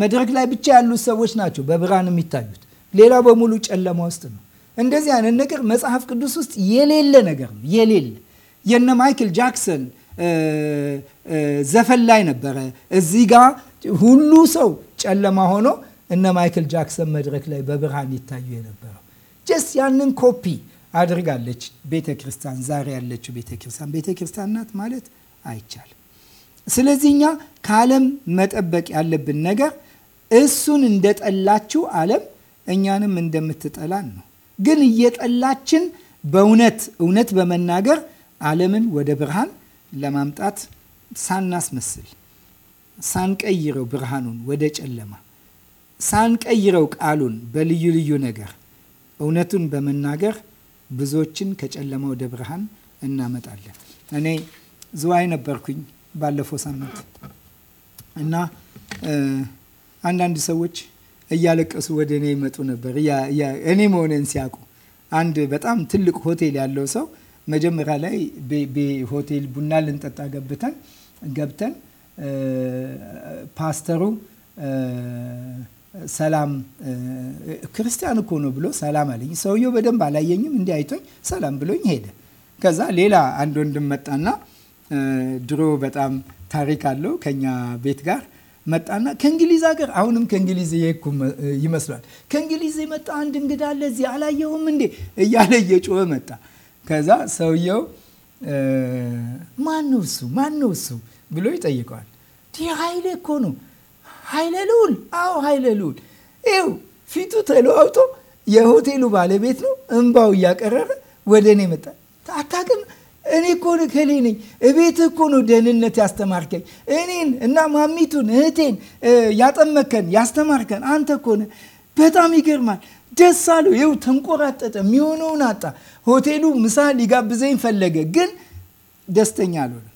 መድረክ ላይ ብቻ ያሉት ሰዎች ናቸው በብርሃን የሚታዩት። ሌላው በሙሉ ጨለማ ውስጥ ነው። እንደዚህ አይነት ነገር መጽሐፍ ቅዱስ ውስጥ የሌለ ነገር ነው። የሌለ የነ ማይክል ጃክሰን ዘፈን ላይ ነበረ። እዚህ ጋ ሁሉ ሰው ጨለማ ሆኖ እነ ማይክል ጃክሰን መድረክ ላይ በብርሃን ይታዩ የነበረው ጀስ ያንን ኮፒ አድርጋለች ቤተ ክርስቲያን። ዛሬ ያለችው ቤተ ክርስቲያን ቤተ ክርስቲያን ናት ማለት አይቻልም። ስለዚህ እኛ ከዓለም መጠበቅ ያለብን ነገር እሱን እንደጠላችው ዓለም እኛንም እንደምትጠላን ነው። ግን እየጠላችን በእውነት እውነት በመናገር ዓለምን ወደ ብርሃን ለማምጣት ሳናስመስል ሳንቀይረው ብርሃኑን ወደ ጨለማ ሳንቀይረው ቃሉን በልዩ ልዩ ነገር እውነቱን በመናገር ብዙዎችን ከጨለማ ወደ ብርሃን እናመጣለን። እኔ ዝዋይ ነበርኩኝ። ባለፈው ሳምንት እና አንዳንድ ሰዎች እያለቀሱ ወደ እኔ ይመጡ ነበር። እኔ መሆኔን ሲያውቁ አንድ በጣም ትልቅ ሆቴል ያለው ሰው መጀመሪያ ላይ ሆቴል ቡና ልንጠጣ ገብተን ገብተን ፓስተሩ ሰላም ክርስቲያን እኮ ነው ብሎ ሰላም አለኝ። ሰውየው በደንብ አላየኝም፣ እንዲህ አይቶኝ ሰላም ብሎኝ ሄደ። ከዛ ሌላ አንድ ወንድም መጣና ድሮ በጣም ታሪክ አለው ከኛ ቤት ጋር መጣና ከእንግሊዝ ሀገር አሁንም ከእንግሊዝ የኩ ይመስሏል። ከእንግሊዝ የመጣ አንድ እንግዳ አለ እዚህ አላየሁም እንዴ እያለ እየጮኸ መጣ። ከዛ ሰውየው ማን እሱ ማን እሱ ብሎ ይጠይቀዋል። ይህ ኃይሌ እኮ ነው ኃይለ ልዑል። አዎ ኃይለ ልዑል። ይው ፊቱ ተለዋውጦ የሆቴሉ ባለቤት ነው። እንባው እያቀረረ ወደ እኔ መጣ። አታውቅም እኔ እኮ እከሌ ነኝ፣ እቤት እኮ ነው ደህንነት ያስተማርከኝ፣ እኔን እና ማሚቱን እህቴን ያጠመከን ያስተማርከን አንተ እኮ ነህ። በጣም ይገርማል። ደስ አለው። ይኸው ተንቆራጠጠ፣ የሚሆነውን አጣ። ሆቴሉ ምሳ ሊጋብዘኝ ፈለገ፣ ግን ደስተኛ አልሆነ።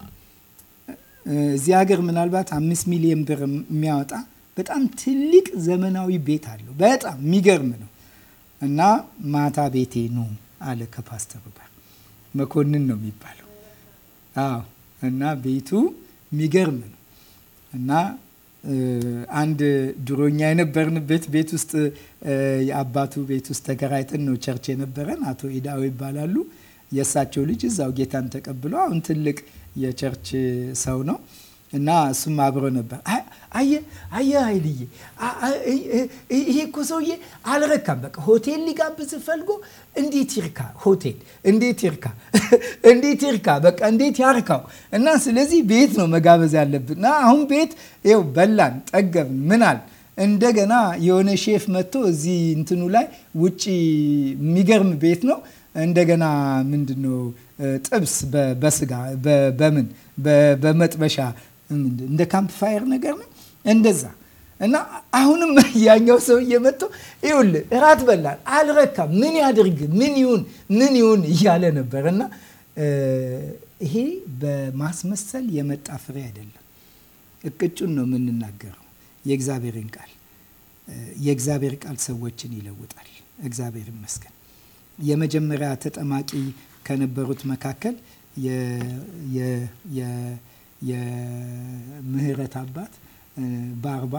እዚህ ሀገር ምናልባት አምስት ሚሊዮን ብር የሚያወጣ በጣም ትልቅ ዘመናዊ ቤት አለው። በጣም የሚገርም ነው። እና ማታ ቤቴ ነው አለ ከፓስተሩ ጋር መኮንን ነው የሚባለው። አዎ እና ቤቱ የሚገርም ነው እና አንድ ድሮኛ የነበርንበት ቤት ውስጥ የአባቱ ቤት ውስጥ ተከራይተን ነው ቸርች የነበረን። አቶ ኢዳው ይባላሉ። የእሳቸው ልጅ እዛው ጌታን ተቀብሎ አሁን ትልቅ የቸርች ሰው ነው። እና እሱም አብሮ ነበር። አየ አየ ኃይልዬ ይሄ እኮ ሰውዬ አልረካም። በቃ ሆቴል ሊጋብዝ ፈልጎ እንዴት ይርካ ሆቴል እንዴት ይርካ *laughs* እንዴት ይርካ በቃ እንዴት ያርካው እና ስለዚህ ቤት ነው መጋበዝ ያለብን እና አሁን ቤት ይኸው በላን ጠገብ ምናል እንደገና የሆነ ሼፍ መጥቶ እዚህ እንትኑ ላይ ውጪ የሚገርም ቤት ነው። እንደገና ምንድን ነው ጥብስ በስጋ በምን በመጥበሻ እንደ ካምፕ ፋየር ነገር ነው እንደዛ እና አሁንም *laughs* ያኛው ሰው እየመጡ ይውል እራት በላን አልረካ ምን ያድርግ ምን ይሁን ምን ይሁን እያለ ነበር። እና ይሄ በማስመሰል የመጣ ፍሬ አይደለም። እቅጩን ነው የምንናገረው። የእግዚአብሔርን ቃል የእግዚአብሔር ቃል ሰዎችን ይለውጣል። እግዚአብሔር ይመስገን። የመጀመሪያ ተጠማቂ ከነበሩት መካከል የምህረት አባት ባርባ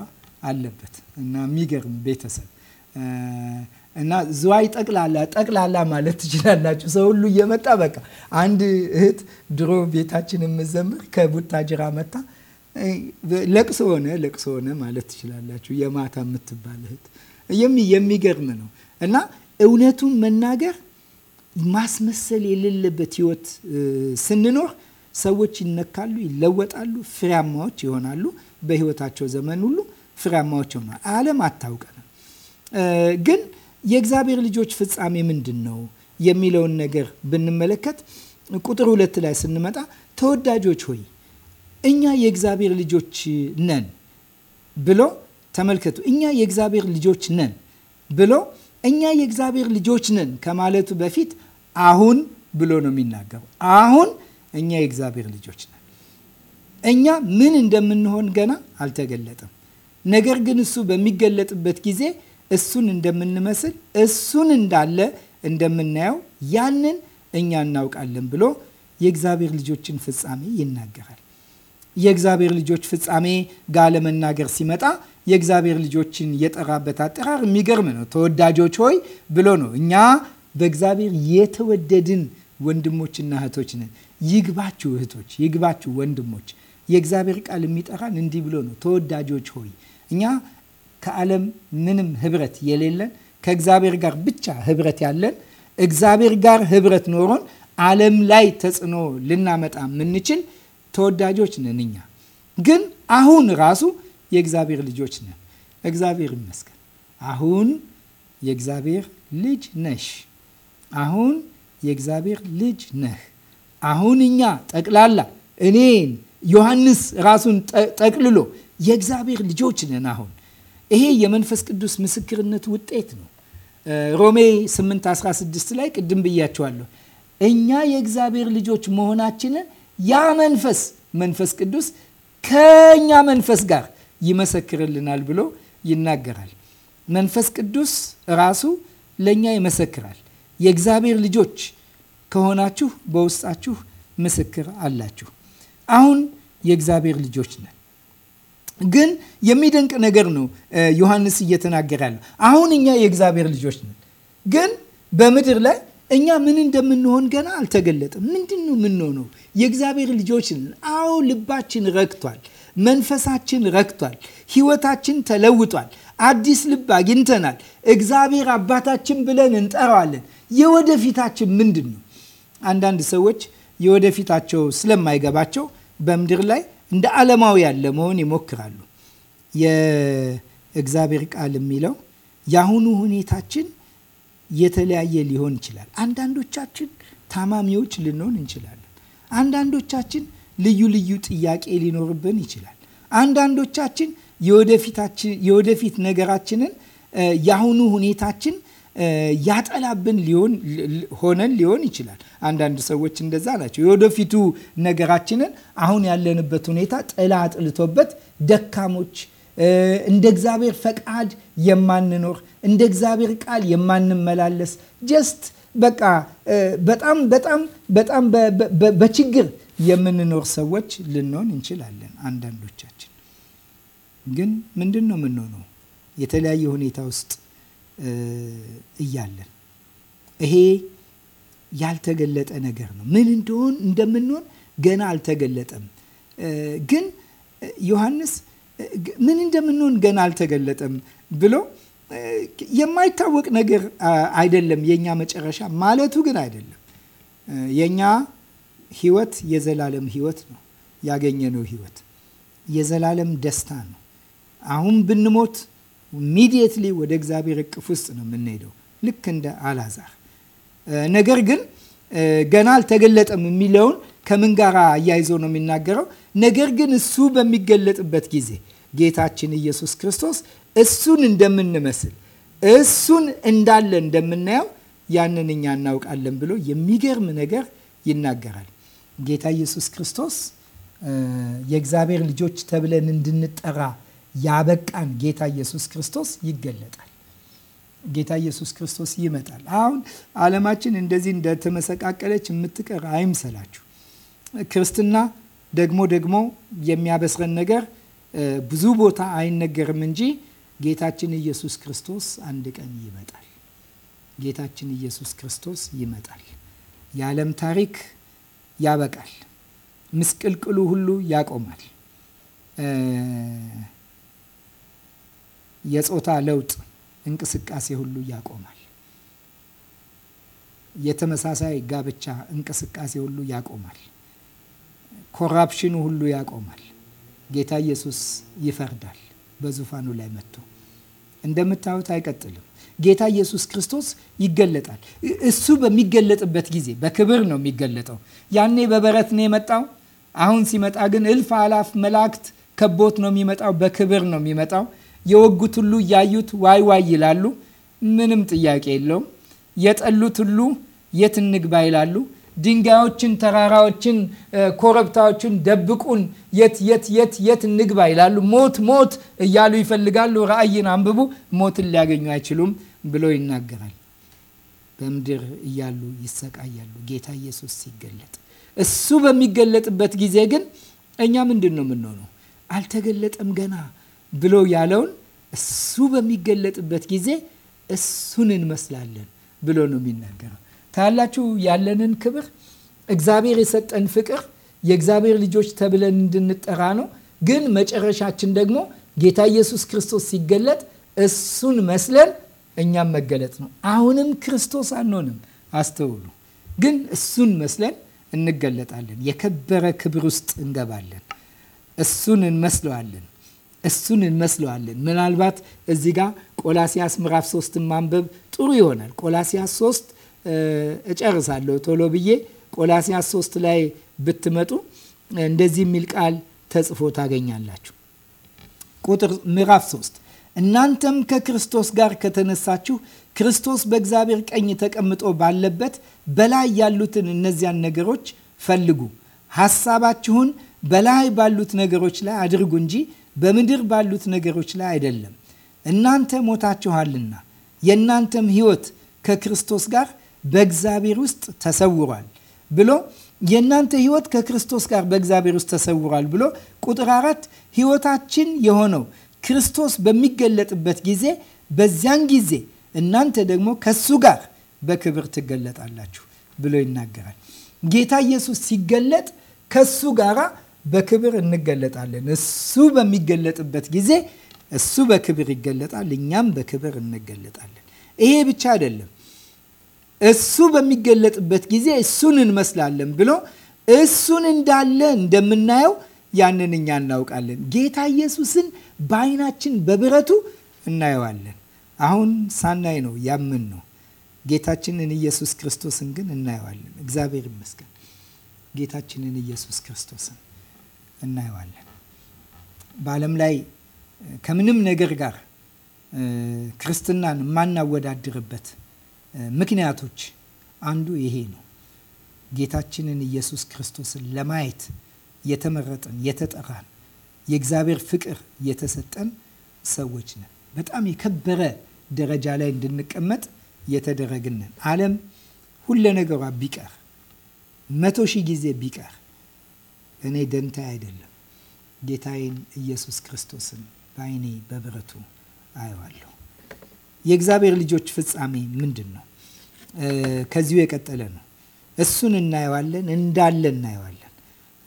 አለበት እና የሚገርም ቤተሰብ እና ዝዋይ ጠቅላላ ጠቅላላ ማለት ትችላላችሁ። ሰው ሁሉ እየመጣ በቃ አንድ እህት ድሮ ቤታችን የምዘምር ከቡታጅራ መታ ለቅሶ ሆነ ለቅሶ ሆነ ማለት ትችላላችሁ። የማታ የምትባል እህት የሚገርም ነው እና እውነቱን መናገር ማስመሰል የሌለበት ህይወት ስንኖር ሰዎች ይነካሉ፣ ይለወጣሉ፣ ፍሬያማዎች ይሆናሉ። በህይወታቸው ዘመን ሁሉ ፍሬያማዎች ይሆናሉ። ዓለም አታውቀንም። ግን የእግዚአብሔር ልጆች ፍጻሜ ምንድን ነው የሚለውን ነገር ብንመለከት ቁጥር ሁለት ላይ ስንመጣ ተወዳጆች ሆይ እኛ የእግዚአብሔር ልጆች ነን ብሎ ተመልከቱ። እኛ የእግዚአብሔር ልጆች ነን ብሎ እኛ የእግዚአብሔር ልጆች ነን ከማለቱ በፊት አሁን ብሎ ነው የሚናገረው። አሁን እኛ የእግዚአብሔር ልጆች ነን። እኛ ምን እንደምንሆን ገና አልተገለጠም። ነገር ግን እሱ በሚገለጥበት ጊዜ እሱን እንደምንመስል እሱን እንዳለ እንደምናየው ያንን እኛ እናውቃለን ብሎ የእግዚአብሔር ልጆችን ፍጻሜ ይናገራል። የእግዚአብሔር ልጆች ፍጻሜ ጋር ለመናገር ሲመጣ የእግዚአብሔር ልጆችን የጠራበት አጠራር የሚገርም ነው። ተወዳጆች ሆይ ብሎ ነው። እኛ በእግዚአብሔር የተወደድን ወንድሞችና እህቶች ነን። ይግባችሁ እህቶች፣ ይግባችሁ ወንድሞች። የእግዚአብሔር ቃል የሚጠራን እንዲህ ብሎ ነው። ተወዳጆች ሆይ እኛ ከዓለም ምንም ህብረት የሌለን ከእግዚአብሔር ጋር ብቻ ህብረት ያለን እግዚአብሔር ጋር ህብረት ኖሮን ዓለም ላይ ተጽዕኖ ልናመጣ የምንችል ተወዳጆች ነን። እኛ ግን አሁን ራሱ የእግዚአብሔር ልጆች ነን። እግዚአብሔር ይመስገን። አሁን የእግዚአብሔር ልጅ ነሽ። አሁን የእግዚአብሔር ልጅ ነህ። አሁን እኛ ጠቅላላ እኔን ዮሐንስ ራሱን ጠቅልሎ የእግዚአብሔር ልጆች ነን። አሁን ይሄ የመንፈስ ቅዱስ ምስክርነት ውጤት ነው። ሮሜ 8:16 ላይ ቅድም ብያቸዋለሁ። እኛ የእግዚአብሔር ልጆች መሆናችንን ያ መንፈስ መንፈስ ቅዱስ ከእኛ መንፈስ ጋር ይመሰክርልናል ብሎ ይናገራል። መንፈስ ቅዱስ ራሱ ለእኛ ይመሰክራል የእግዚአብሔር ልጆች ከሆናችሁ በውስጣችሁ ምስክር አላችሁ። አሁን የእግዚአብሔር ልጆች ነን። ግን የሚደንቅ ነገር ነው ዮሐንስ እየተናገረ ያለው። አሁን እኛ የእግዚአብሔር ልጆች ነን፣ ግን በምድር ላይ እኛ ምን እንደምንሆን ገና አልተገለጠም። ምንድን ነው የምንሆነው? የእግዚአብሔር ልጆች ነን። አዎ ልባችን ረክቷል፣ መንፈሳችን ረክቷል፣ ህይወታችን ተለውጧል። አዲስ ልብ አግኝተናል። እግዚአብሔር አባታችን ብለን እንጠራዋለን። የወደፊታችን ምንድን ነው? አንዳንድ ሰዎች የወደፊታቸው ስለማይገባቸው በምድር ላይ እንደ ያለ መሆን ይሞክራሉ። የእግዚአብሔር ቃል የሚለው የአሁኑ ሁኔታችን የተለያየ ሊሆን ይችላል። አንዳንዶቻችን ታማሚዎች ልንሆን እንችላለን። አንዳንዶቻችን ልዩ ልዩ ጥያቄ ሊኖርብን ይችላል። አንዳንዶቻችን የወደፊት ነገራችንን የአሁኑ ሁኔታችን ያጠላብን ሊሆን ሆነን ሊሆን ይችላል። አንዳንድ ሰዎች እንደዛ ናቸው። የወደፊቱ ነገራችንን አሁን ያለንበት ሁኔታ ጥላ አጥልቶበት ደካሞች እንደ እግዚአብሔር ፈቃድ የማንኖር እንደ እግዚአብሔር ቃል የማንመላለስ ጀስት በቃ በጣም በጣም በጣም በችግር የምንኖር ሰዎች ልንሆን እንችላለን። አንዳንዶቻችን ግን ምንድን ነው የምንሆነው? የተለያየ ሁኔታ ውስጥ እያለን ይሄ ያልተገለጠ ነገር ነው። ምን እንደሆን እንደምንሆን ገና አልተገለጠም። ግን ዮሐንስ ምን እንደምንሆን ገና አልተገለጠም ብሎ የማይታወቅ ነገር አይደለም የእኛ መጨረሻ ማለቱ ግን አይደለም። የእኛ ህይወት የዘላለም ህይወት ነው። ያገኘነው ህይወት የዘላለም ደስታ ነው። አሁን ብንሞት ኢሚዲየትሊ ወደ እግዚአብሔር እቅፍ ውስጥ ነው የምንሄደው፣ ልክ እንደ አላዛር ነገር ግን ገና አልተገለጠም የሚለውን ከምን ጋር አያይዞ ነው የሚናገረው? ነገር ግን እሱ በሚገለጥበት ጊዜ ጌታችን ኢየሱስ ክርስቶስ እሱን እንደምንመስል እሱን እንዳለ እንደምናየው ያንን እኛ እናውቃለን ብሎ የሚገርም ነገር ይናገራል። ጌታ ኢየሱስ ክርስቶስ የእግዚአብሔር ልጆች ተብለን እንድንጠራ ያበቃን ጌታ ኢየሱስ ክርስቶስ ይገለጣል። ጌታ ኢየሱስ ክርስቶስ ይመጣል። አሁን ዓለማችን እንደዚህ እንደተመሰቃቀለች የምትቀር አይምሰላችሁ። ክርስትና ደግሞ ደግሞ የሚያበስረን ነገር ብዙ ቦታ አይነገርም እንጂ ጌታችን ኢየሱስ ክርስቶስ አንድ ቀን ይመጣል። ጌታችን ኢየሱስ ክርስቶስ ይመጣል። የዓለም ታሪክ ያበቃል። ምስቅልቅሉ ሁሉ ያቆማል። የጾታ ለውጥ እንቅስቃሴ ሁሉ ያቆማል። የተመሳሳይ ጋብቻ እንቅስቃሴ ሁሉ ያቆማል። ኮራፕሽኑ ሁሉ ያቆማል። ጌታ ኢየሱስ ይፈርዳል በዙፋኑ ላይ መጥቶ። እንደምታዩት አይቀጥልም። ጌታ ኢየሱስ ክርስቶስ ይገለጣል። እሱ በሚገለጥበት ጊዜ በክብር ነው የሚገለጠው። ያኔ በበረት ነው የመጣው። አሁን ሲመጣ ግን እልፍ አላፍ መላእክት ከቦት ነው የሚመጣው። በክብር ነው የሚመጣው። የወጉት ሁሉ እያዩት ዋይ ዋይ ይላሉ። ምንም ጥያቄ የለውም። የጠሉት ሁሉ የት እንግባ ይላሉ። ድንጋዮችን፣ ተራራዎችን፣ ኮረብታዎችን ደብቁን፣ የት የት የት የት እንግባ ይላሉ። ሞት ሞት እያሉ ይፈልጋሉ። ራእይን አንብቡ፣ ሞትን ሊያገኙ አይችሉም ብሎ ይናገራል። በምድር እያሉ ይሰቃያሉ። ጌታ ኢየሱስ ሲገለጥ እሱ በሚገለጥበት ጊዜ ግን እኛ ምንድን ነው የምንሆነው? አልተገለጠም ገና ብሎ ያለውን እሱ በሚገለጥበት ጊዜ እሱን እንመስላለን ብሎ ነው የሚናገረው። ታያላችሁ ያለንን ክብር እግዚአብሔር የሰጠን ፍቅር የእግዚአብሔር ልጆች ተብለን እንድንጠራ ነው። ግን መጨረሻችን ደግሞ ጌታ ኢየሱስ ክርስቶስ ሲገለጥ እሱን መስለን እኛም መገለጥ ነው። አሁንም ክርስቶስ አንሆንም፣ አስተውሉ። ግን እሱን መስለን እንገለጣለን። የከበረ ክብር ውስጥ እንገባለን። እሱን እንመስለዋለን። እሱን እንመስለዋለን። ምናልባት እዚ ጋ ቆላሲያስ ምዕራፍ ሶስት ማንበብ ጥሩ ይሆናል። ቆላሲያስ ሶስት እጨርሳለሁ ቶሎ ብዬ። ቆላሲያስ ሶስት ላይ ብትመጡ እንደዚህ የሚል ቃል ተጽፎ ታገኛላችሁ። ቁጥር ምዕራፍ ሶስት እናንተም ከክርስቶስ ጋር ከተነሳችሁ ክርስቶስ በእግዚአብሔር ቀኝ ተቀምጦ ባለበት በላይ ያሉትን እነዚያን ነገሮች ፈልጉ። ሐሳባችሁን በላይ ባሉት ነገሮች ላይ አድርጉ እንጂ በምድር ባሉት ነገሮች ላይ አይደለም። እናንተ ሞታችኋልና የእናንተም ሕይወት ከክርስቶስ ጋር በእግዚአብሔር ውስጥ ተሰውሯል ብሎ የእናንተ ሕይወት ከክርስቶስ ጋር በእግዚአብሔር ውስጥ ተሰውሯል ብሎ ቁጥር አራት ሕይወታችን የሆነው ክርስቶስ በሚገለጥበት ጊዜ በዚያን ጊዜ እናንተ ደግሞ ከሱ ጋር በክብር ትገለጣላችሁ ብሎ ይናገራል። ጌታ ኢየሱስ ሲገለጥ ከሱ ጋራ በክብር እንገለጣለን። እሱ በሚገለጥበት ጊዜ እሱ በክብር ይገለጣል፣ እኛም በክብር እንገለጣለን። ይሄ ብቻ አይደለም። እሱ በሚገለጥበት ጊዜ እሱን እንመስላለን ብሎ እሱን እንዳለ እንደምናየው ያንን እኛ እናውቃለን። ጌታ ኢየሱስን በዓይናችን በብረቱ እናየዋለን። አሁን ሳናይ ነው ያምን ነው። ጌታችንን ኢየሱስ ክርስቶስን ግን እናየዋለን። እግዚአብሔር ይመስገን ጌታችንን ኢየሱስ ክርስቶስን እናየዋለን። በዓለም ላይ ከምንም ነገር ጋር ክርስትናን የማናወዳድርበት ምክንያቶች አንዱ ይሄ ነው። ጌታችንን ኢየሱስ ክርስቶስን ለማየት የተመረጥን የተጠራን የእግዚአብሔር ፍቅር የተሰጠን ሰዎች ነን። በጣም የከበረ ደረጃ ላይ እንድንቀመጥ የተደረግንን ዓለም ሁለ ነገሯ ቢቀር መቶ ሺህ ጊዜ ቢቀር እኔ ደንታ አይደለም። ጌታዬን ኢየሱስ ክርስቶስን በዓይኔ በብረቱ አየዋለሁ። የእግዚአብሔር ልጆች ፍጻሜ ምንድን ነው? ከዚሁ የቀጠለ ነው። እሱን እናየዋለን፣ እንዳለ እናየዋለን።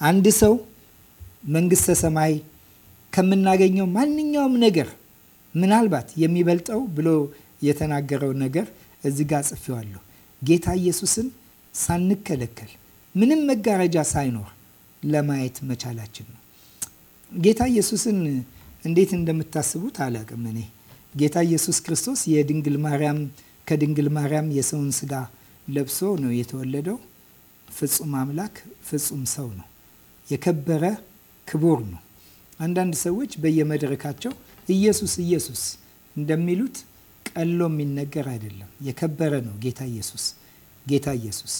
አንድ ሰው መንግስተ ሰማይ ከምናገኘው ማንኛውም ነገር ምናልባት የሚበልጠው ብሎ የተናገረው ነገር እዚህ ጋር ጽፌዋለሁ። ጌታ ኢየሱስን ሳንከለከል ምንም መጋረጃ ሳይኖር ለማየት መቻላችን ነው። ጌታ ኢየሱስን እንዴት እንደምታስቡት አላቅም። እኔ ጌታ ኢየሱስ ክርስቶስ የድንግል ማርያም ከድንግል ማርያም የሰውን ስጋ ለብሶ ነው የተወለደው። ፍጹም አምላክ ፍጹም ሰው ነው። የከበረ ክቡር ነው። አንዳንድ ሰዎች በየመድረካቸው ኢየሱስ ኢየሱስ እንደሚሉት ቀሎ የሚነገር አይደለም። የከበረ ነው ጌታ ኢየሱስ ጌታ ኢየሱስ።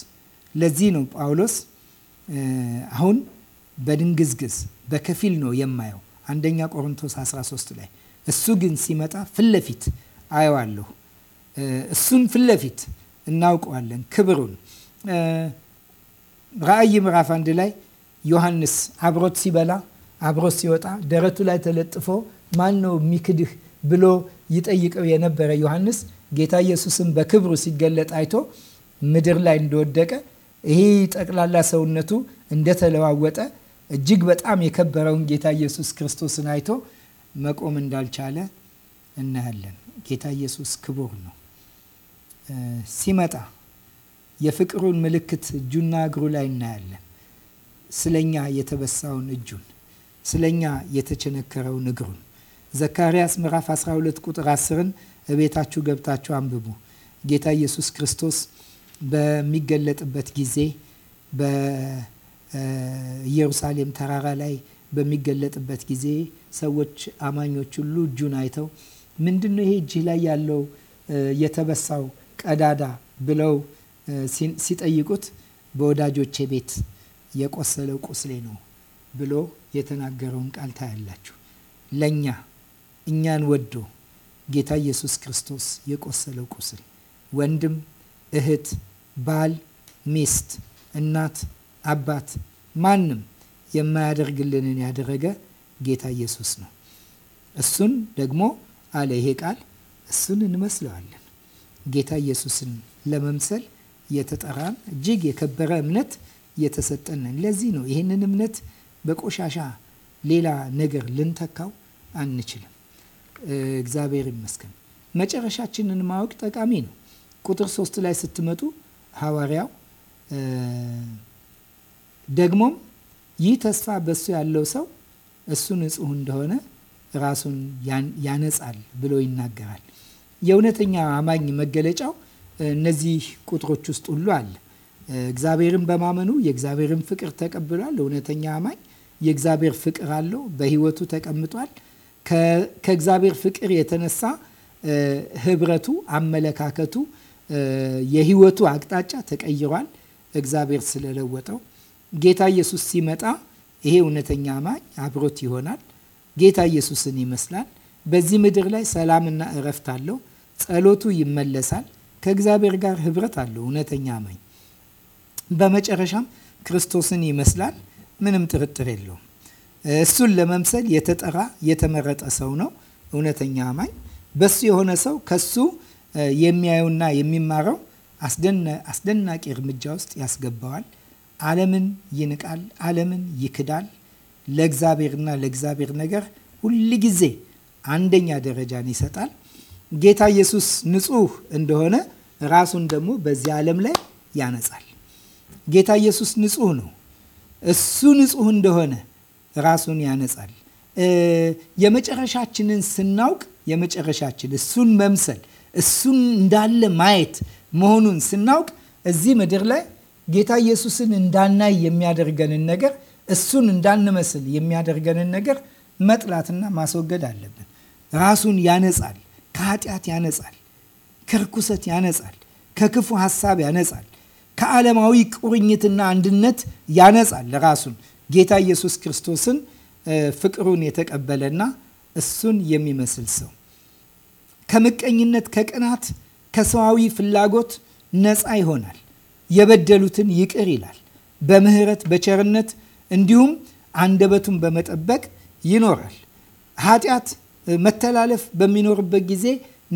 ለዚህ ነው ጳውሎስ አሁን በድንግዝግዝ በከፊል ነው የማየው። አንደኛ ቆሮንቶስ 13 ላይ እሱ ግን ሲመጣ ፍለፊት አየዋለሁ። እሱን ፍለፊት እናውቀዋለን ክብሩን። ራእይ ምዕራፍ አንድ ላይ ዮሐንስ አብሮት ሲበላ አብሮት ሲወጣ ደረቱ ላይ ተለጥፎ ማን ነው የሚክድህ ብሎ ይጠይቀው የነበረ ዮሐንስ ጌታ ኢየሱስን በክብሩ ሲገለጥ አይቶ ምድር ላይ እንደወደቀ ይሄ ጠቅላላ ሰውነቱ እንደተለዋወጠ እጅግ በጣም የከበረውን ጌታ ኢየሱስ ክርስቶስን አይቶ መቆም እንዳልቻለ እናያለን። ጌታ ኢየሱስ ክቡር ነው። ሲመጣ የፍቅሩን ምልክት እጁና እግሩ ላይ እናያለን። ስለኛ የተበሳውን እጁን፣ ስለኛ የተቸነከረውን እግሩን ዘካርያስ ምዕራፍ 12 ቁጥር 10ን እቤታችሁ ገብታችሁ አንብቡ። ጌታ ኢየሱስ ክርስቶስ በሚገለጥበት ጊዜ በኢየሩሳሌም ተራራ ላይ በሚገለጥበት ጊዜ ሰዎች አማኞች ሁሉ እጁን አይተው ምንድን ነው ይሄ እጅህ ላይ ያለው የተበሳው ቀዳዳ ብለው ሲጠይቁት በወዳጆቼ ቤት የቆሰለው ቁስሌ ነው ብሎ የተናገረውን ቃል ታያላችሁ። ለእኛ እኛን ወዶ ጌታ ኢየሱስ ክርስቶስ የቆሰለው ቁስል ወንድም እህት ባል፣ ሚስት፣ እናት፣ አባት፣ ማንም የማያደርግልንን ያደረገ ጌታ ኢየሱስ ነው። እሱን ደግሞ አለ ይሄ ቃል እሱን እንመስለዋለን። ጌታ ኢየሱስን ለመምሰል የተጠራን እጅግ የከበረ እምነት የተሰጠንን። ለዚህ ነው ይህንን እምነት በቆሻሻ ሌላ ነገር ልንተካው አንችልም። እግዚአብሔር ይመስገን። መጨረሻችንን ማወቅ ጠቃሚ ነው። ቁጥር ሶስት ላይ ስትመጡ ሐዋርያው ደግሞም ይህ ተስፋ በሱ ያለው ሰው እሱ ንጹህ እንደሆነ ራሱን ያነጻል ብሎ ይናገራል። የእውነተኛ አማኝ መገለጫው እነዚህ ቁጥሮች ውስጥ ሁሉ አለ። እግዚአብሔርን በማመኑ የእግዚአብሔርን ፍቅር ተቀብሏል። እውነተኛ አማኝ የእግዚአብሔር ፍቅር አለው፣ በህይወቱ ተቀምጧል። ከእግዚአብሔር ፍቅር የተነሳ ህብረቱ፣ አመለካከቱ የህይወቱ አቅጣጫ ተቀይሯል። እግዚአብሔር ስለለወጠው ጌታ ኢየሱስ ሲመጣ ይሄ እውነተኛ አማኝ አብሮት ይሆናል። ጌታ ኢየሱስን ይመስላል። በዚህ ምድር ላይ ሰላምና እረፍት አለው። ጸሎቱ ይመለሳል። ከእግዚአብሔር ጋር ህብረት አለው እውነተኛ አማኝ። በመጨረሻም ክርስቶስን ይመስላል። ምንም ጥርጥር የለውም። እሱን ለመምሰል የተጠራ የተመረጠ ሰው ነው እውነተኛ አማኝ። በሱ የሆነ ሰው ከሱ የሚያየውና የሚማረው አስደናቂ እርምጃ ውስጥ ያስገባዋል። ዓለምን ይንቃል፣ ዓለምን ይክዳል። ለእግዚአብሔርና ለእግዚአብሔር ነገር ሁል ጊዜ አንደኛ ደረጃን ይሰጣል። ጌታ ኢየሱስ ንጹህ እንደሆነ ራሱን ደግሞ በዚህ ዓለም ላይ ያነጻል። ጌታ ኢየሱስ ንጹህ ነው። እሱ ንጹህ እንደሆነ ራሱን ያነጻል። የመጨረሻችንን ስናውቅ የመጨረሻችን እሱን መምሰል እሱም እንዳለ ማየት መሆኑን ስናውቅ እዚህ ምድር ላይ ጌታ ኢየሱስን እንዳናይ የሚያደርገንን ነገር እሱን እንዳንመስል የሚያደርገንን ነገር መጥላትና ማስወገድ አለብን። ራሱን ያነጻል፣ ከኃጢአት ያነጻል፣ ከርኩሰት ያነጻል፣ ከክፉ ሀሳብ ያነጻል፣ ከዓለማዊ ቁርኝትና አንድነት ያነጻል። ራሱን ጌታ ኢየሱስ ክርስቶስን ፍቅሩን የተቀበለና እሱን የሚመስል ሰው ከምቀኝነት፣ ከቅናት፣ ከሰዋዊ ፍላጎት ነፃ ይሆናል። የበደሉትን ይቅር ይላል። በምህረት በቸርነት እንዲሁም አንደበቱን በመጠበቅ ይኖራል። ኃጢአት መተላለፍ በሚኖርበት ጊዜ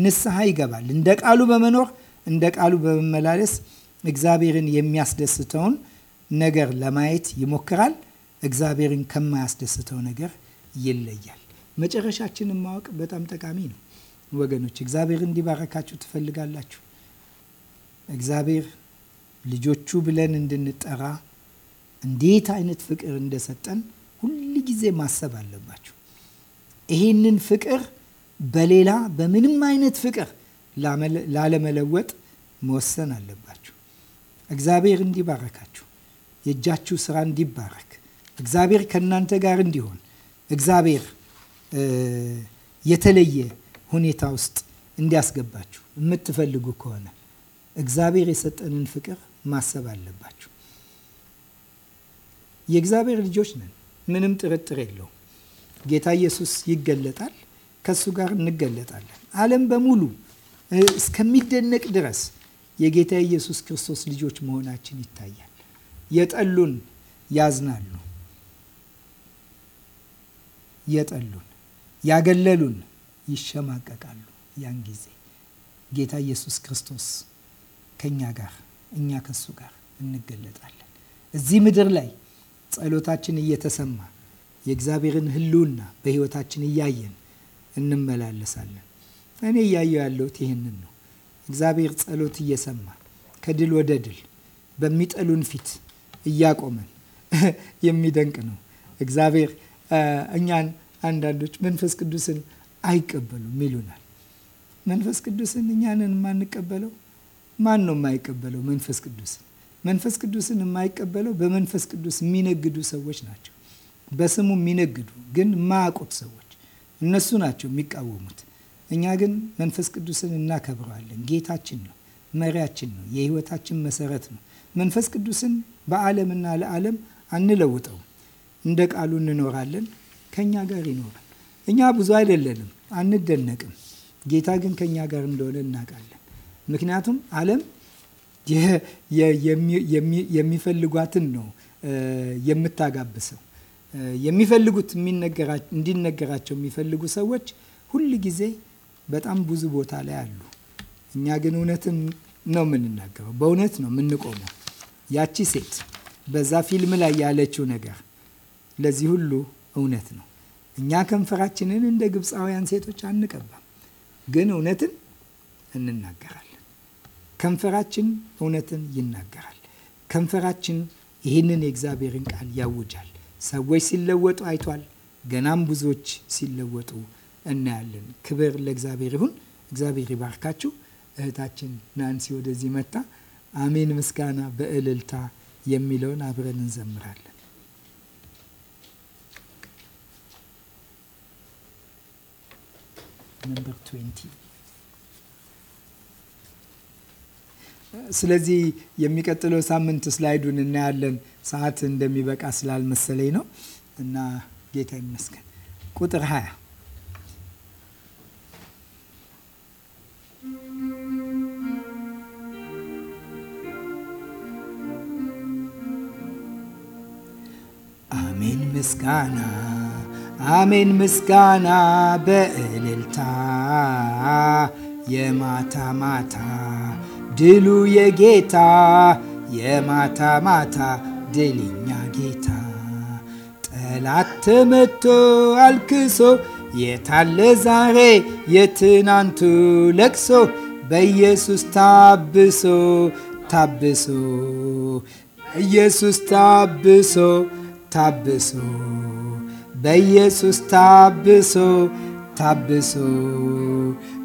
ንስሐ ይገባል። እንደ ቃሉ በመኖር እንደ ቃሉ በመመላለስ እግዚአብሔርን የሚያስደስተውን ነገር ለማየት ይሞክራል። እግዚአብሔርን ከማያስደስተው ነገር ይለያል። መጨረሻችንን ማወቅ በጣም ጠቃሚ ነው። ወገኖች እግዚአብሔር እንዲባረካችሁ ትፈልጋላችሁ? እግዚአብሔር ልጆቹ ብለን እንድንጠራ እንዴት አይነት ፍቅር እንደሰጠን ሁል ጊዜ ማሰብ አለባችሁ። ይሄንን ፍቅር በሌላ በምንም አይነት ፍቅር ላለመለወጥ መወሰን አለባችሁ። እግዚአብሔር እንዲባረካችሁ፣ የእጃችሁ ስራ እንዲባረክ፣ እግዚአብሔር ከእናንተ ጋር እንዲሆን፣ እግዚአብሔር የተለየ ሁኔታ ውስጥ እንዲያስገባችሁ የምትፈልጉ ከሆነ እግዚአብሔር የሰጠንን ፍቅር ማሰብ አለባችሁ። የእግዚአብሔር ልጆች ነን፣ ምንም ጥርጥር የለውም። ጌታ ኢየሱስ ይገለጣል፣ ከእሱ ጋር እንገለጣለን። ዓለም በሙሉ እስከሚደነቅ ድረስ የጌታ ኢየሱስ ክርስቶስ ልጆች መሆናችን ይታያል። የጠሉን ያዝናሉ፣ የጠሉን ያገለሉን ይሸማቀቃሉ። ያን ጊዜ ጌታ ኢየሱስ ክርስቶስ ከእኛ ጋር እኛ ከሱ ጋር እንገለጣለን። እዚህ ምድር ላይ ጸሎታችን እየተሰማ የእግዚአብሔርን ሕልውና በሕይወታችን እያየን እንመላለሳለን። እኔ እያየው ያለሁት ይህንን ነው። እግዚአብሔር ጸሎት እየሰማ ከድል ወደ ድል በሚጠሉን ፊት እያቆመን *laughs* የሚደንቅ ነው። እግዚአብሔር እኛን አንዳንዶች መንፈስ ቅዱስን አይቀበሉም ይሉናል። መንፈስ ቅዱስን እኛንን የማንቀበለው ማን ነው የማይቀበለው? መንፈስ ቅዱስን መንፈስ ቅዱስን የማይቀበለው በመንፈስ ቅዱስ የሚነግዱ ሰዎች ናቸው። በስሙ የሚነግዱ ግን የማያውቁት ሰዎች እነሱ ናቸው የሚቃወሙት። እኛ ግን መንፈስ ቅዱስን እናከብረዋለን። ጌታችን ነው፣ መሪያችን ነው፣ የህይወታችን መሰረት ነው። መንፈስ ቅዱስን በዓለምና ለዓለም አንለውጠውም። እንደ ቃሉ እንኖራለን። ከእኛ ጋር ይኖራል። እኛ ብዙ አይደለንም፣ አንደነቅም። ጌታ ግን ከኛ ጋር እንደሆነ እናውቃለን። ምክንያቱም ዓለም የሚፈልጓትን ነው የምታጋብሰው። የሚፈልጉት እንዲነገራቸው የሚፈልጉ ሰዎች ሁል ጊዜ በጣም ብዙ ቦታ ላይ አሉ። እኛ ግን እውነትን ነው የምንናገረው፣ በእውነት ነው የምንቆመው። ያቺ ሴት በዛ ፊልም ላይ ያለችው ነገር ለዚህ ሁሉ እውነት ነው። እኛ ከንፈራችንን እንደ ግብፃውያን ሴቶች አንቀባም፣ ግን እውነትን እንናገራለን። ከንፈራችን እውነትን ይናገራል። ከንፈራችን ይህንን የእግዚአብሔርን ቃል ያውጃል። ሰዎች ሲለወጡ አይቷል። ገናም ብዙዎች ሲለወጡ እናያለን። ክብር ለእግዚአብሔር ይሁን። እግዚአብሔር ይባርካችሁ። እህታችን ናንሲ ወደዚህ መጣ። አሜን ምስጋና በእልልታ የሚለውን አብረን እንዘምራለን። ነምበር 20 ስለዚህ የሚቀጥለው ሳምንት ስላይዱን እናያለን። ሰዓት እንደሚበቃ ስላልመሰለኝ ነው እና ጌታ ይመስገን። ቁጥር 20 አሜን ምስጋና አሜን ምስጋና በእልልታ የማታ ማታ ድሉ የጌታ የማታ ማታ ድልኛ ጌታ ጠላት ተመቶ አልክሶ የታለ ዛሬ የትናንቱ ለቅሶ በኢየሱስ ታብሶ ታብሶ ኢየሱስ ታብሶ ታብሶ በኢየሱስ ታብሶ ታብሶ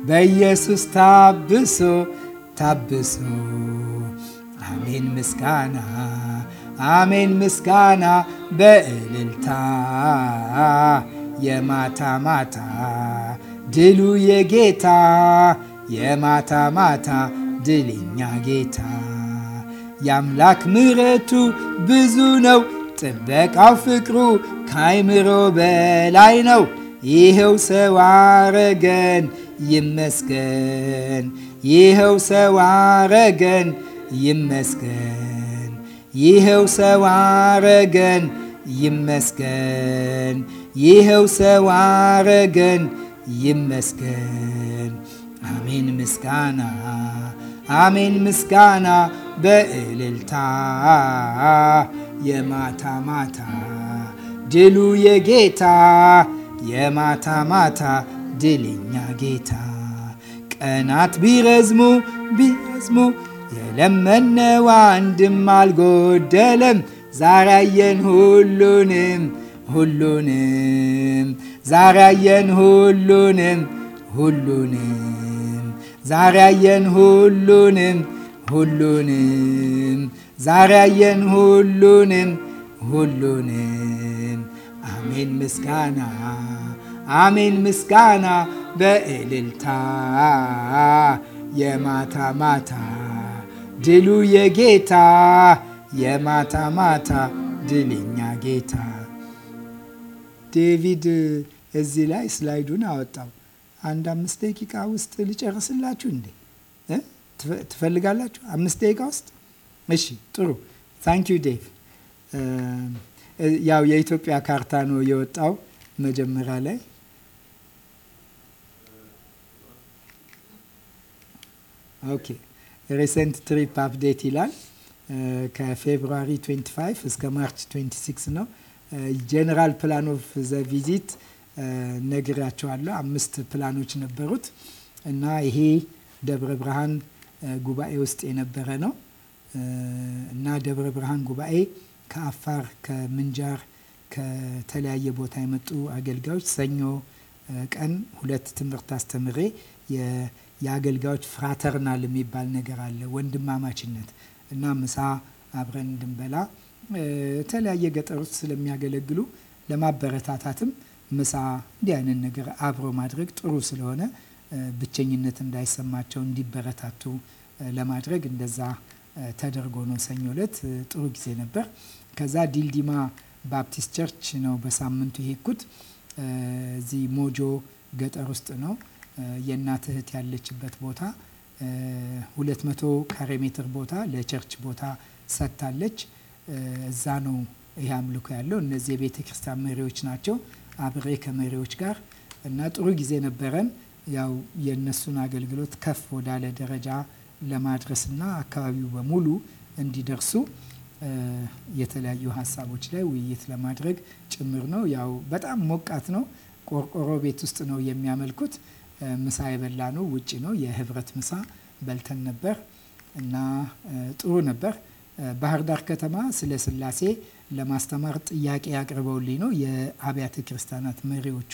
በኢየሱስ ታብሶ ታብሶ አሜን ምስጋና አሜን ምስጋና በእልልታ የማታ ማታ ድሉ የጌታ የማታ ማታ ድልኛ ጌታ የአምላክ ምሕረቱ ብዙ ነው ጥበቃው ፍቅሩ ካይምሮ በላይ ነው። ይኸው ሰው አረገን ይመስገን፣ ይኸው ሰው አረገን ይመስገን፣ ይኸው ሰው አረገን ይመስገን፣ ይኸው ሰው አረገን ይመስገን። አሜን ምስጋና አሜን ምስጋና በእልልታ የማታ ማታ ድሉ የጌታ የማታ ማታ ድልኛ ጌታ ቀናት ቢረዝሙ ቢረዝሙ የለመነው አንድም አልጎደለም። ዛራየን ሁሉንም ሁሉንም ዛራየን ሁሉንም ሁሉንም ዛራየን ሁሉንም ሁሉንም ዛሬ አየን ሁሉንም ሁሉንም አሜን ምስጋና አሜን ምስጋና በእልልታ የማታ ማታ ድሉ የጌታ የማታ ማታ ድልኛ ጌታ። ዴቪድ እዚህ ላይ ስላይዱን አወጣው። አንድ አምስት ደቂቃ ውስጥ ልጨርስላችሁ እንዴ? ትፈልጋላችሁ? አምስት ደቂቃ ውስጥ እሺ ጥሩ ዩ ዴቭ። uh, uh, ያው የኢትዮጵያ ካርታ ነው የወጣው መጀመሪያ ላይ ኦኬ ሪሰንት ትሪፕ አፕዴት ይላል። uh, ከፌብሩዋሪ 25 እስከ ማርች 26 ነው። ጀነራል ፕላን ኦፍ ዘ ቪዚት ነግሪያቸዋለሁ አምስት ፕላኖች ነበሩት እና ይሄ ደብረ ብርሃን ጉባኤ ውስጥ የነበረ ነው። እና ደብረ ብርሃን ጉባኤ ከአፋር፣ ከምንጃር፣ ከተለያየ ቦታ የመጡ አገልጋዮች ሰኞ ቀን ሁለት ትምህርት አስተምሬ የአገልጋዮች ፍራተርናል የሚባል ነገር አለ። ወንድማማችነት እና ምሳ አብረን እንድንበላ የተለያየ ገጠር ውስጥ ስለሚያገለግሉ ለማበረታታትም ምሳ እንዲህ አይነት ነገር አብሮ ማድረግ ጥሩ ስለሆነ ብቸኝነት እንዳይሰማቸው እንዲበረታቱ ለማድረግ እንደዛ ተደርጎ ነው። ሰኞ ዕለት ጥሩ ጊዜ ነበር። ከዛ ዲልዲማ ባፕቲስት ቸርች ነው በሳምንቱ የሄድኩት። እዚህ ሞጆ ገጠር ውስጥ ነው የእናት እህት ያለችበት ቦታ 200 ካሬ ሜትር ቦታ ለቸርች ቦታ ሰጥታለች። እዛ ነው ይህ አምልኮ ያለው። እነዚህ የቤተ ክርስቲያን መሪዎች ናቸው። አብሬ ከመሪዎች ጋር እና ጥሩ ጊዜ ነበረን። ያው የእነሱን አገልግሎት ከፍ ወዳለ ደረጃ ለማድረስና አካባቢው በሙሉ እንዲደርሱ የተለያዩ ሀሳቦች ላይ ውይይት ለማድረግ ጭምር ነው። ያው በጣም ሞቃት ነው። ቆርቆሮ ቤት ውስጥ ነው የሚያመልኩት። ምሳ የበላ ነው ውጭ ነው የህብረት ምሳ በልተን ነበር እና ጥሩ ነበር። ባህር ዳር ከተማ ስለ ስላሴ ለማስተማር ጥያቄ አቅርበውልኝ ነው የአብያተ ክርስቲያናት መሪዎቹ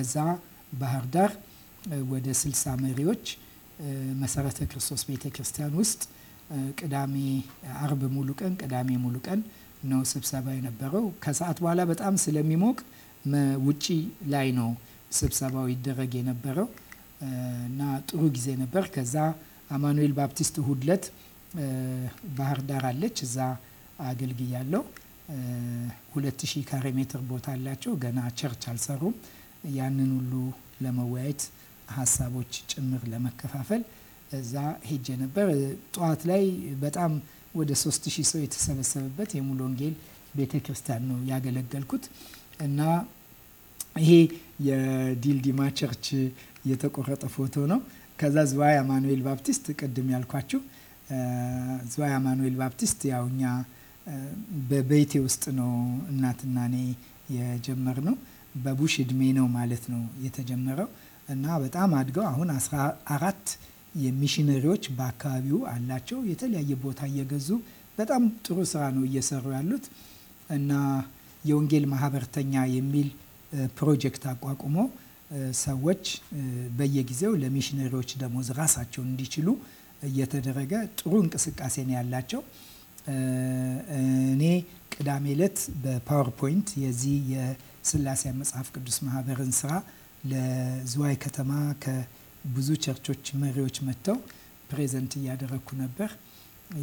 እዛ ባህር ዳር ወደ ስልሳ መሪዎች መሰረተ ክርስቶስ ቤተ ክርስቲያን ውስጥ ቅዳሜ አርብ ሙሉ ቀን ቅዳሜ ሙሉ ቀን ነው ስብሰባ የነበረው። ከሰዓት በኋላ በጣም ስለሚሞቅ ውጪ ላይ ነው ስብሰባው ይደረግ የነበረው እና ጥሩ ጊዜ ነበር። ከዛ አማኑኤል ባፕቲስት እሁድ ዕለት ባህር ዳር አለች። እዛ አገልግያለሁ። ሁለት ካሬ ሜትር ቦታ አላቸው። ገና ቸርች አልሰሩም። ያንን ሁሉ ለመወያየት ሀሳቦች ጭምር ለመከፋፈል እዛ ሄጄ ነበር። ጠዋት ላይ በጣም ወደ ሶስት ሺህ ሰው የተሰበሰበበት የሙሉ ወንጌል ቤተ ክርስቲያን ነው ያገለገልኩት እና ይሄ የዲልዲማ ቸርች የተቆረጠ ፎቶ ነው። ከዛ ዝዋይ አማኑኤል ባፕቲስት ቅድም ያልኳችሁ ዝዋይ አማኑኤል ባፕቲስት ያው እኛ በቤቴ ውስጥ ነው እናትና እኔ የጀመር ነው። በቡሽ እድሜ ነው ማለት ነው የተጀመረው እና በጣም አድገው አሁን አስራ አራት የሚሽነሪዎች በአካባቢው አላቸው። የተለያየ ቦታ እየገዙ በጣም ጥሩ ስራ ነው እየሰሩ ያሉት እና የወንጌል ማህበርተኛ የሚል ፕሮጀክት አቋቁሞ ሰዎች በየጊዜው ለሚሽነሪዎች ደሞዝ ራሳቸውን እንዲችሉ እየተደረገ ጥሩ እንቅስቃሴ ነው ያላቸው። እኔ ቅዳሜ ዕለት በፓወርፖይንት የዚህ የስላሴ መጽሐፍ ቅዱስ ማህበርን ስራ ለዝዋይ ከተማ ከብዙ ቸርቾች መሪዎች መጥተው ፕሬዘንት እያደረግኩ ነበር።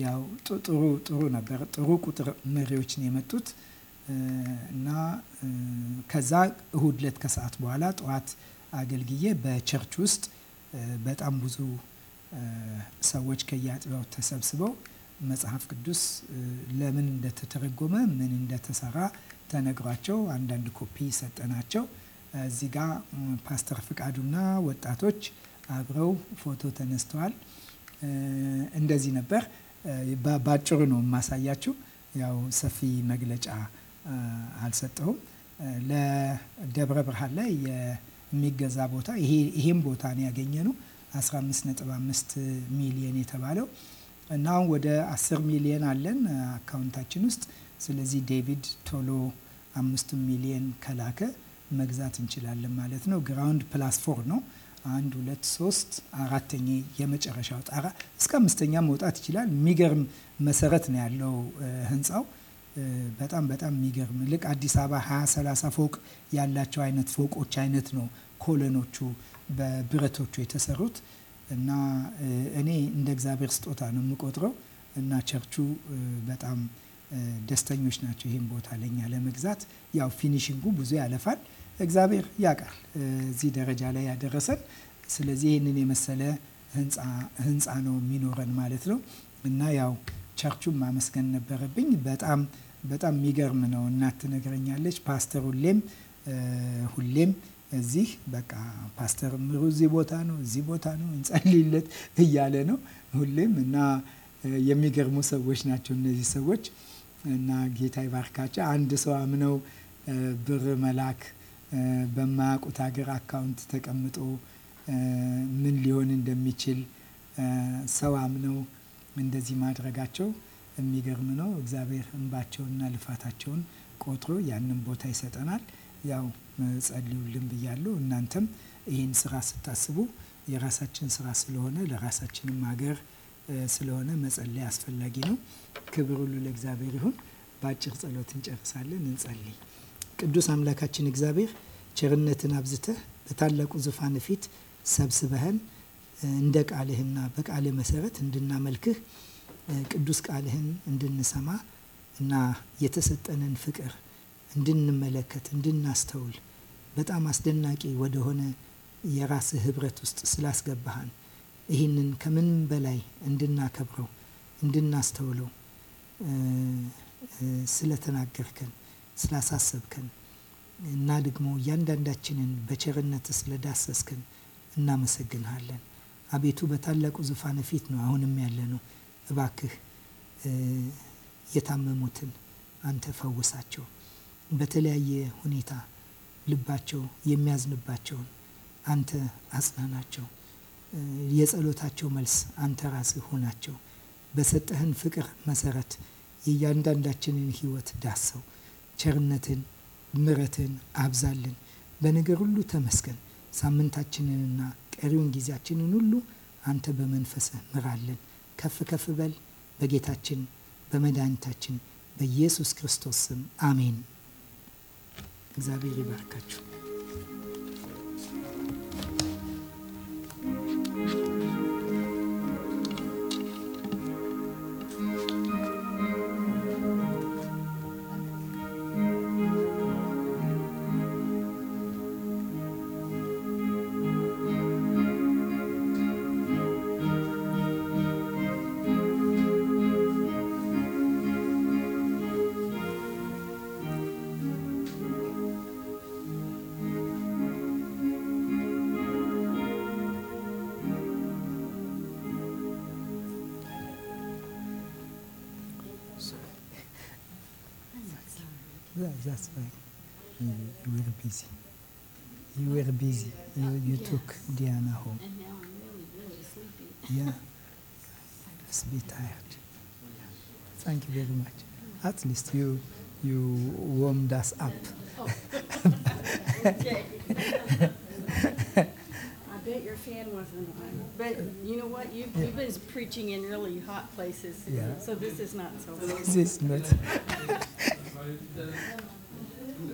ያው ጥሩ ጥሩ ነበር። ጥሩ ቁጥር መሪዎች ነው የመጡት እና ከዛ እሁድ ለት ከሰዓት በኋላ ጠዋት አገልግዬ በቸርች ውስጥ በጣም ብዙ ሰዎች ከየአጥቢያው ተሰብስበው መጽሐፍ ቅዱስ ለምን እንደተተረጎመ ምን እንደተሰራ ተነግሯቸው አንዳንድ ኮፒ ሰጠናቸው። እዚህ ጋ ፓስተር ፍቃዱና ወጣቶች አብረው ፎቶ ተነስተዋል። እንደዚህ ነበር። ባጭሩ ነው የማሳያችሁ። ያው ሰፊ መግለጫ አልሰጠሁም። ለደብረ ብርሃን ላይ የሚገዛ ቦታ ይሄም ቦታ ነው ያገኘ ነው 15.5 ሚሊየን የተባለው እና አሁን ወደ 10 ሚሊየን አለን አካውንታችን ውስጥ። ስለዚህ ዴቪድ ቶሎ አምስቱ ሚሊየን ከላከ መግዛት እንችላለን ማለት ነው። ግራውንድ ፕላስ ፎር ነው። አንድ ሁለት ሶስት አራተኛ የመጨረሻው ጣራ እስከ አምስተኛ መውጣት ይችላል። የሚገርም መሰረት ነው ያለው ህንፃው። በጣም በጣም የሚገርም ልክ አዲስ አበባ ሀያ ሰላሳ ፎቅ ያላቸው አይነት ፎቆች አይነት ነው ኮለኖቹ በብረቶቹ የተሰሩት እና እኔ እንደ እግዚአብሔር ስጦታ ነው የምቆጥረው እና ቸርቹ በጣም ደስተኞች ናቸው ይህን ቦታ ለኛ ለመግዛት ያው ፊኒሽንጉ ብዙ ያለፋል እግዚአብሔር ያውቃል እዚህ ደረጃ ላይ ያደረሰን። ስለዚህ ይህንን የመሰለ ህንፃ ነው የሚኖረን ማለት ነው። እና ያው ቸርቹን ማመስገን ነበረብኝ። በጣም በጣም የሚገርም ነው። እናት ትነግረኛለች፣ ፓስተር ሁሌም ሁሌም እዚህ በቃ ፓስተር ምሩ እዚህ ቦታ ነው እዚህ ቦታ ነው እንጸልይለት እያለ ነው ሁሌም። እና የሚገርሙ ሰዎች ናቸው እነዚህ ሰዎች እና ጌታ ይባርካቸው። አንድ ሰው አምነው ብር መላክ በማያውቁት ሀገር አካውንት ተቀምጦ ምን ሊሆን እንደሚችል ሰው አምነው እንደዚህ ማድረጋቸው የሚገርም ነው። እግዚአብሔር እንባቸውንና ልፋታቸውን ቆጥሮ ያንን ቦታ ይሰጠናል። ያው ጸልዩልን ብያለሁ። እናንተም ይህን ስራ ስታስቡ የራሳችን ስራ ስለሆነ ለራሳችንም ሀገር ስለሆነ መጸለይ አስፈላጊ ነው። ክብር ሁሉ ለእግዚአብሔር ይሁን። በአጭር ጸሎት እንጨርሳለን። እንጸልይ። ቅዱስ አምላካችን እግዚአብሔር ቸርነትን አብዝተህ በታላቁ ዙፋን ፊት ሰብስበህን እንደ ቃልህና በቃል መሰረት እንድናመልክህ ቅዱስ ቃልህን እንድንሰማ እና የተሰጠንን ፍቅር እንድንመለከት እንድናስተውል በጣም አስደናቂ ወደሆነ የራስህ ህብረት ውስጥ ስላስገባሃን ይህንን ከምንም በላይ እንድናከብረው እንድናስተውለው ስለተናገርከን ስላሳሰብከን እና ደግሞ እያንዳንዳችንን በቸርነት ስለዳሰስክን እናመሰግንሃለን። አቤቱ በታላቁ ዙፋን ፊት ነው አሁንም ያለ ነው። እባክህ የታመሙትን አንተ ፈውሳቸው። በተለያየ ሁኔታ ልባቸው የሚያዝንባቸውን አንተ አጽናናቸው። የጸሎታቸው መልስ አንተ ራስህ ሁናቸው። በሰጠህን ፍቅር መሰረት የእያንዳንዳችንን ህይወት ዳሰው። ቸርነትን፣ ምረትን አብዛልን። በነገር ሁሉ ተመስገን። ሳምንታችንንና ቀሪውን ጊዜያችንን ሁሉ አንተ በመንፈስህ ምራልን። ከፍ ከፍ በል በጌታችን በመድኃኒታችን በኢየሱስ ክርስቶስ ስም አሜን። እግዚአብሔር ይባርካችሁ። that's why you, you were busy. You were busy. You, you yes. took Diana home. And now I'm really, really sleepy. yeah. I must be tired. Thank you very much. At least you, you warmed us up. okay. *laughs* I bet your fan wasn't on. But you know what? You've, yeah. you've been preaching in really hot places. Yeah. So this is not so This is not. *laughs* *laughs* Oh, it doesn't.